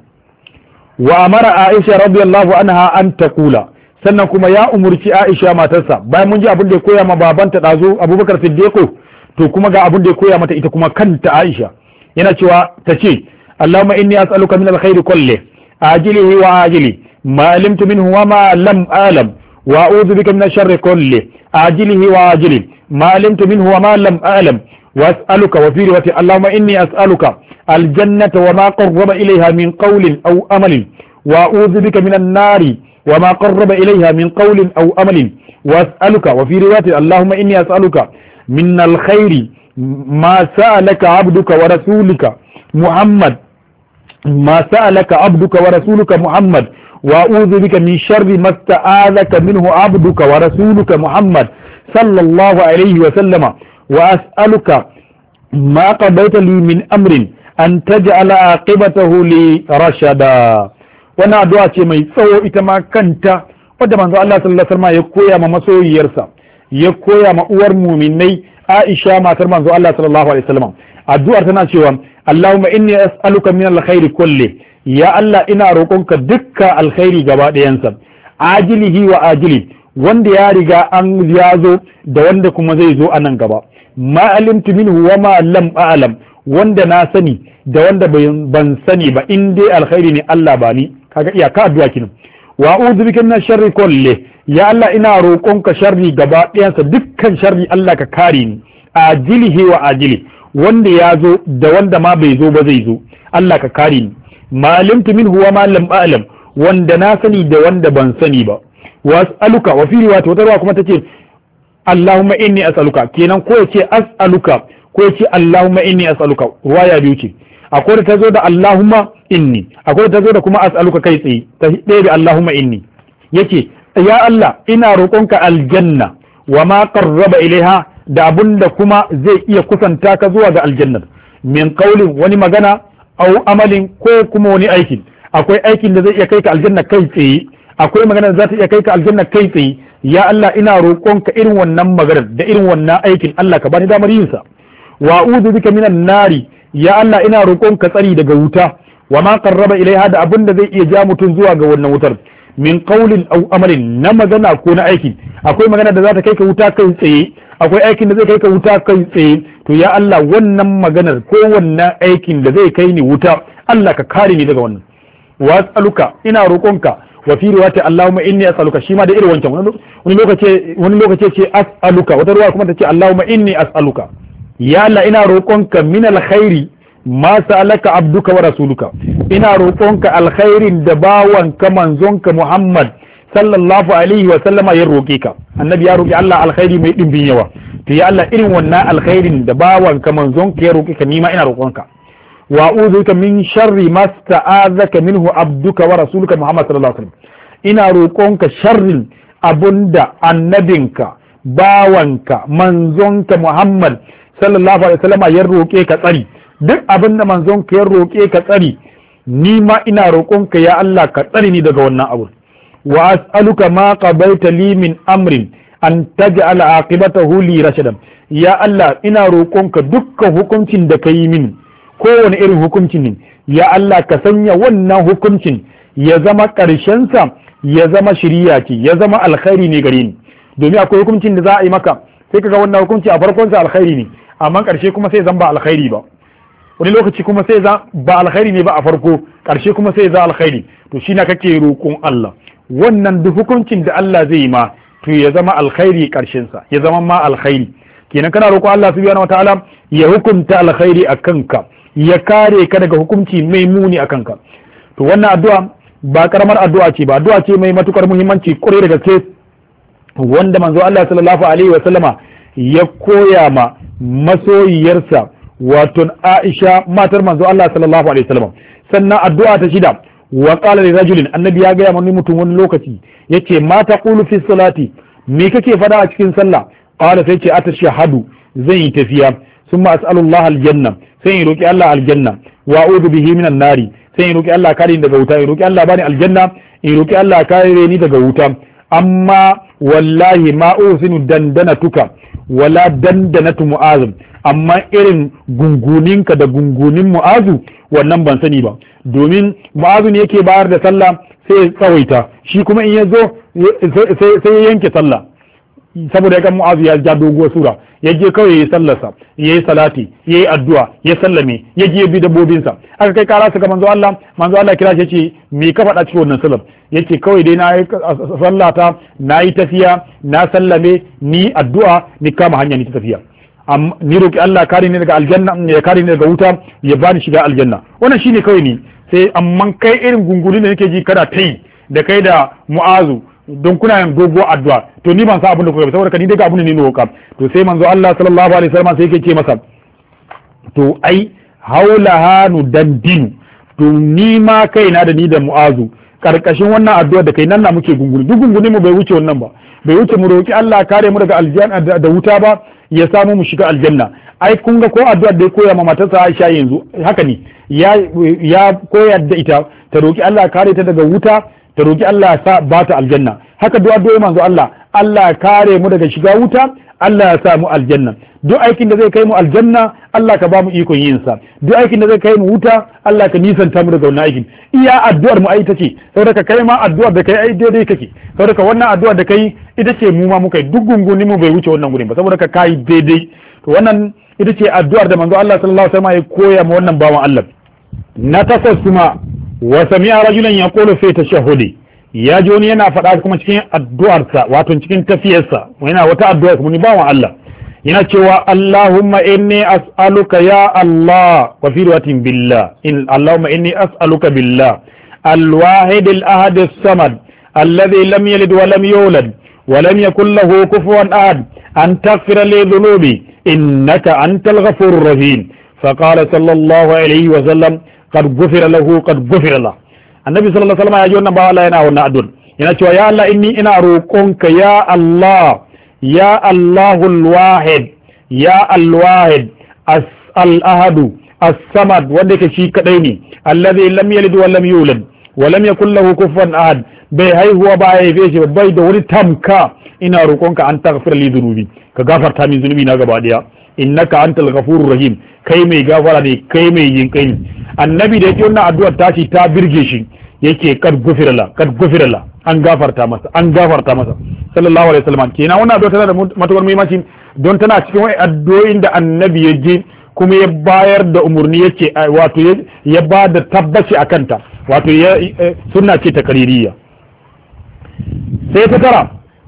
wa amara aisha radiyallahu anha an taqula sannan kuma ya umurci aisha matarsa bayan mun ji abin da ya koya ma babanta dazo abubakar siddiqo to kuma ga abin da ya koya mata ita kuma kanta aisha yana cewa ta ce allahumma inni as'aluka min alkhairi kulli ajilihi wa ajili ma alimtu minhu wa ma lam alam wa a'udhu bika min sharri kulli ajilihi wa ajili ma alimtu minhu wa ma lam alam وأسألك وفي رواية اللهم إني أسألك الجنة وما قرب إليها من قول أو أمل وأعوذ بك من النار وما قرب إليها من قول أو أمل وأسألك وفي رواية اللهم إني أسألك من الخير ما سألك عبدك ورسولك محمد ما سألك عبدك ورسولك محمد وأعوذ بك من شر ما استعاذك منه عبدك ورسولك محمد صلى الله عليه وسلم وأسألك ما قضيت لي من أمر أن تجعل عاقبته لي رشدا addu'a ce mai tsawo ita ma kanta wadda manzo Allah sallallahu alaihi wasallam ya koya ma masoyiyarsa ya koya ma uwar muminai Aisha matar manzo Allah sallallahu alaihi wasallam addu'ar tana cewa Allahumma inni as'aluka min alkhairi kulli ya Allah ina roƙonka dukka alkhairi gaba ɗayansa ajilihi wa ajili wanda ya riga an ya zo da wanda kuma zai zo anan gaba ma alimtu minhu wa ma lam a'lam wanda na sani da wanda ban sani ba in dai alkhairi ne Allah ba ni kaga ka addu'a kinan wa a'udhu bika min sharri kulli ya Allah ina roƙonka sharri gaba ɗayansa dukkan sharri Allah ka kare ni ajilihi wa ajili wanda ya zo da wanda ma bai zo ba zai zo Allah ka kare ni alimtu minhu wa ma lam a'lam wanda na sani da wanda ban sani ba aluka wa fi riwayat wata kuma tace Allahumma inni as'aluka kenan ko yace as'aluka ko yace Allahumma inni as'aluka ruwaya biyu ce akwai da tazo da Allahumma inni akwai da tazo da kuma as'aluka kai tsaye ta ɗaya da Allahumma inni yace ya Allah ina roƙonka aljanna wa ma qarraba ilaiha da abunda kuma zai iya kusanta ka zuwa ga aljannar min qaulin wani magana au amalin ko kuma wani aikin akwai aikin da zai iya kai ka aljanna kai tsaye akwai magana da za ta iya kai ka aljanna kai tsaye ya Allah ina roƙonka irin wannan maganar da irin wannan aikin Allah ka bani damar yin sa wa a'udhu bika minan nari ya Allah ina roƙonka tsari daga wuta wa ma qarraba ilaiha da abin da zai iya ja mutum zuwa ga wannan wutar min qawlin aw amalin na magana ko na aiki akwai magana da za ta kai ka wuta kai tsaye akwai aikin da zai kai ka wuta kai tsaye to ya Allah wannan maganar ko wannan aikin da zai kai ni wuta Allah ka kare ni daga wannan wa ina roƙonka wa fi riwayati Allahumma inni as'aluka shi ma da irin wancan wani lokaci wani lokaci ce as'aluka wata ruwa kuma ta ce Allahumma inni as'aluka ya Allah ina roƙonka min alkhairi ma sa'alaka abduka wa rasuluka ina roƙonka alkhairin da bawanka manzonka Muhammad sallallahu alaihi wa sallama ya roƙe ka annabi ya roƙi Allah alkhairi mai dimbin yawa to ya Allah irin wannan alkhairin da bawanka manzonka ya roƙe ka nima ina roƙonka wa uzuka min sharri ma sta'azaka minhu abduka wa rasuluka muhammad sallallahu alaihi wasallam ina roƙonka sharrin abunda annabinka bawanka manzonka muhammad sallallahu alaihi wasallam ya roƙe ka tsari duk abinda manzonka ya roƙe ka tsari ni ma ina roƙonka ya Allah ka tsari ni daga wannan abu wa as'aluka ma qabaita li min amrin an taj'ala aqibatahu li rashadan ya Allah ina roƙonka dukkan hukuncin da ka yi mini kowane irin hukuncin ne ya Allah ka sanya wannan hukuncin ya zama ƙarshensa ya zama shiriya ce ya zama alkhairi ne gare ni domin akwai hukuncin da za a yi maka sai kaga wannan hukunci a farkonsa alkhairi ne amma ƙarshe kuma sai zan ba alkhairi ba wani lokaci kuma sai za ba alkhairi ne ba a farko ƙarshe kuma sai za alkhairi to shi na kake roƙon Allah wannan duk hukuncin da Allah zai yi ma to ya zama alkhairi ƙarshensa ya zama ma alkhairi kenan kana roƙon Allah subhanahu wataala ya hukunta alkhairi a kanka ya kare ka daga hukunci mai muni a kanka to wannan addu'a ba karamar addu'a ce ba addu'a ce mai matukar muhimmanci kwarai da gaske wanda manzo Allah sallallahu alaihi wa sallama ya koya ma masoyiyarsa wato Aisha matar manzo Allah sallallahu alaihi wa sallama sannan addu'a ta shida wa qala li rajulin annabi ya gaya mani mutum wani lokaci yace ma taqulu fi salati me kake fada a cikin sallah qala sai ce atashhadu zan yi tafiya summa as'alullah aljanna sai in roki Allah aljanna wa a'udhu bihi minan nari sai in roki Allah kare ni daga wuta in roki Allah bani aljanna in roki Allah kare ni daga wuta amma wallahi ma usinu dandanatuka wala dandanatu mu'azim amma irin gunguninka da gungunin mu'azu wannan ban sani ba domin mu'azu ne yake bayar da sallah sai ya tsawaita shi kuma in yazo zo sai ya yanke sallah saboda ya ga mu'azu ya ja doguwar sura ya je kawai sallasa sallarsa yi salati ya yi addu'a ya sallame ya je bi dabbobinsa aka kai kara su ga manzo Allah manzo Allah kira shi ce me ka faɗa cikin wannan sallar yace kawai dai na yi sallata na yi tafiya na sallame ni addu'a ni kama hanya ni ta tafiya ni roki Allah kare ni daga aljanna ya kare ni daga wuta ya bani shiga aljanna wannan shine kawai ni sai amma kai irin gungulin da nake ji kada ta da kai da mu'azu don kuna yin dogo addu'a to ni ban san abin da kuka yi saboda ni dai ga abin da ni ne roƙa to sai manzo Allah sallallahu alaihi wasallam sai yake ce masa to ai dan din to ni ma kaina da ni da mu'azu karkashin wannan addu'ar da kai nan na muke gunguni duk gunguni mu bai wuce wannan ba bai wuce mu roki Allah kare mu daga aljanna da wuta ba ya samu mu shiga aljanna ai kun ga ko addu'ar da ya koya ma matarsa Aisha yanzu haka ne ya ya koyar da ita ta roki Allah kare ta daga wuta ta roƙi Allah ya sa ba ta aljanna haka duk addu'o'i manzo Allah Allah ya kare mu daga shiga wuta Allah ya sa mu aljanna duk aikin da zai kai mu aljanna Allah ka ba mu ikon yin sa duk aikin da zai kai mu wuta Allah ka nisanta mu daga wannan aikin iya addu'ar mu ai ita ce saboda kai ma addu'ar da kai ai daidai kake saboda wannan addu'ar da kai ita ce mu ma muka kai. duk gungunin mu bai wuce wannan gurin ba saboda ka kai daidai to wannan ita ce addu'ar da manzo Allah sallallahu alaihi wasallam ya koya ma wannan bawan Allah na takwas kuma wa sami'a rajulan yaqulu fi tashahhudi ya ji wani yana faɗa kuma cikin addu'arsa wato cikin tafiyarsa yana wata addu'a kuma ni wa' Allah yana cewa Allahumma inni as'aluka ya Allah wa fi riwayatin billah in Allahumma inni as'aluka billah الواحد الأحد الصمد الذي لم يلد ولم يولد ولم يكن له كفوا أحد أن تغفر لي ذنوبي إنك أنت الغفور الرحيم فقال صلى الله عليه وسلم kad gufira lahu kad gufira la annabi sallallahu alaihi wasallam ya ji wannan yana wannan addu'a yana cewa ya Allah inni ina roƙonka ya Allah ya Allahul wahid ya al-wahid al-ahadu as-samad wanda yake shi kadai ne allazi lam yalid wa lam yulad wa lam yakul lahu kufuwan ahad bai haihuwa ba ya yi shi bai da wani tamka ina roƙonka an taghfir li dhunubi ka gafarta min zunubi na gaba daya innaka antal ghafurur rahim kai mai gafara ne kai mai yinkai annabi da yake wannan addu'ar tashi ta birge shi yake kad gufirala kad gufirala an gafarta masa an gafarta masa sallallahu alaihi wasallam kenan wannan addu'a tana da matukar muhimmanci don tana cikin wai addu'o'in da annabi ya je kuma ya bayar da umurni yake wato ya ba da tabbaci a kanta wato sunna ce ta kaririya sai ta tara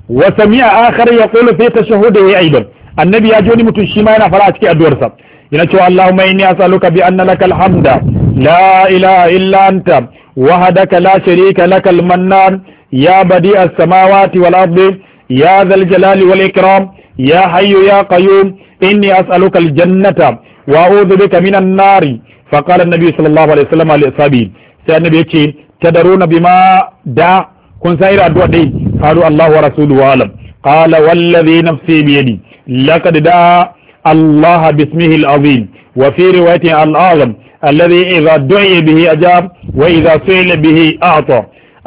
wa sami'a akhar yaqulu fi tashahhudihi aidan annabi ya ji wani mutum shi ma yana fara a cikin addu'arsa yana cewa Allahumma inni as'aluka bi anna lakal hamda la ilaha illa anta wahdaka la sharika lakal mannan ya badi as-samawati wal ardi ya dhal jalali wal ikram ya hayyu ya qayyum inni as'aluka jannata wa a'udhu bika minan nari fa qala an-nabi sallallahu alaihi wasallam li ashabi sai annabi yace tadaruna bima da kun sai addu'a dai qalu Allahu wa rasuluhu alam qala wallazi nafsi bi yadi laqad da الله باسمه العظيم وفي رواية الأعظم الذي إذا دعي به أجاب وإذا سئل به أعطى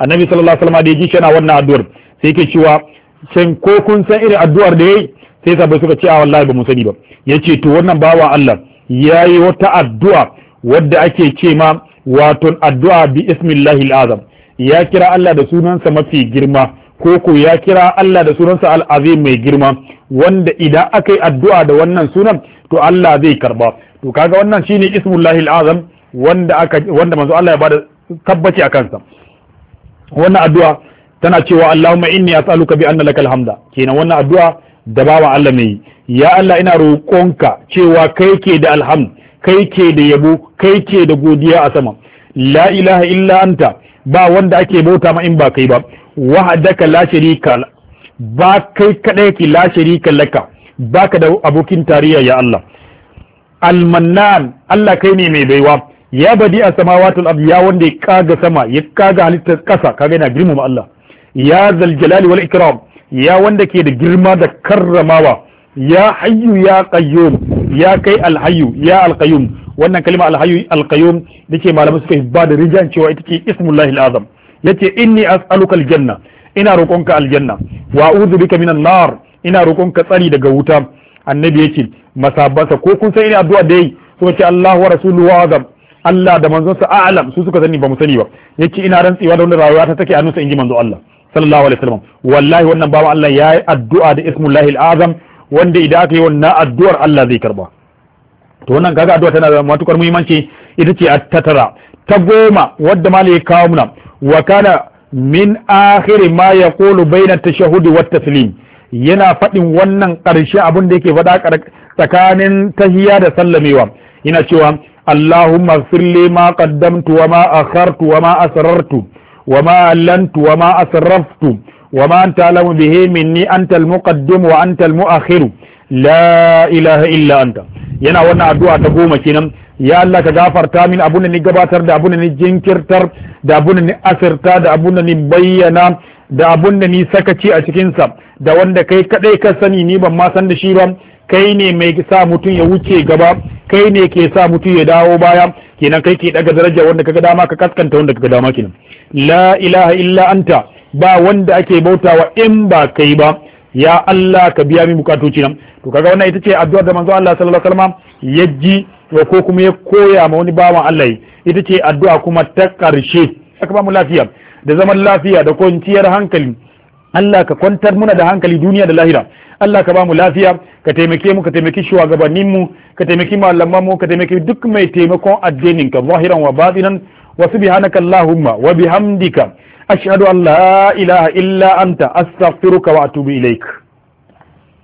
النبي صلى الله عليه وسلم دي جيشنا وانا أدور سيكي شوا shin ko kun san irin addu'ar da yayi sai sabai suka ce a wallahi ba mu sani ba yace to wannan bawa Allah yayi wata addu'a wadda ake ce ma wato addu'a bi ya kira Allah da sunansa mafi girma Koko ya kira Allah da sunansa al'azim mai girma wanda idan aka yi addu'a da wannan sunan to Allah zai karba to kaga wannan shine ismullahi al'azam wanda wanda manzo Allah ya bada tabbaci a kansa wannan addu'a tana cewa Allahumma inni as'aluka bi anna lakal kenan wannan addu'a da bawa Allah mai ya Allah ina roƙonka cewa kai ke da alhamd kai ke da yabo kai ke da godiya a sama la ilaha illa anta ba wanda ake bauta ma in ba kai ba Wahadaka la sharika ba kai kadai ki la sharika laka baka da abokin tarayya ya Allah almannan Allah kai ne mai baiwa ya badi a samawatul ab ya wanda ya kaga sama ya kaga halittar kasa kaga yana girmama Allah ya zal jalali wal ikram ya wanda ke da girma da karramawa ya hayyu ya qayyum ya kai alhayyu ya alqayyum wannan kalma alhayyu alqayyum dake malamai suka ba da rijan cewa ita ce ismullahi alazam yace inni as'aluka aljanna ina roƙonka aljanna wa a'udhu bika minan nar ina roƙonka tsari daga wuta annabi yace masabansa ko kun san ina addu'a da yi so ce Allah wa rasuluhu azam Allah da manzon sa a'lam su suka sani ba mu sani ba yace ina rantsewa da wannan rayuwa ta take annunsa inji manzo Allah sallallahu alaihi wasallam wallahi wannan bawan Allah yayi addu'a da ismullahi alazam wanda idan aka yi wannan addu'ar Allah zai karba to wannan kaga addu'a tana da matukar muhimmanci ita ce a tattara ta goma wadda malai ya kawo muna wa kana min akhiri ma yaqulu bayna tashahhudi wat taslim yana faɗin wannan ƙarshe abin da yake faɗa tsakanin tahiya da sallamewa yana cewa Allahumma firli ma qaddamtu wa ma akhartu wa ma asrartu wa ma allantu wa ma asraftu wa ma anta alamu bihi minni anta almuqaddim wa anta almuakhir la ilaha illa anta yana wannan addu'a ta goma kenan ya Allah ka gafarta min abun ni gabatar da abun ni jinkirtar da abun da ni asirta da abun ni bayyana da abun ni sakaci a cikinsa da wanda kai kadai ka sani ni ban ma san da shi ba kai ne mai sa mutum ya wuce gaba kai ne ke sa mutum ya dawo baya kenan kai ke daga daraja wanda kaga dama ka kaskanta wanda kaga dama kenan la ilaha illa anta ba wanda ake bautawa in ba kai ba ya Allah ka biya min bukatoci nan to kaga wannan ita ce addu'ar da manzo Allah sallallahu alaihi wasallam yaji ko kuma ya koya ma wani bawan Allah ita ce addu'a kuma ta ƙarshe aka ba mu lafiya da zaman lafiya da kwanciyar hankali Allah ka kwantar muna da hankali duniya da lahira Allah ka ba mu lafiya ka taimake mu ka taimaki shugabannin mu ka taimaki malaman mu ka taimaki duk mai taimakon addinin ka zahiran wa batinan wa subhanaka allahumma wa bihamdika ashhadu an la ilaha illa anta astaghfiruka wa atubu ilaik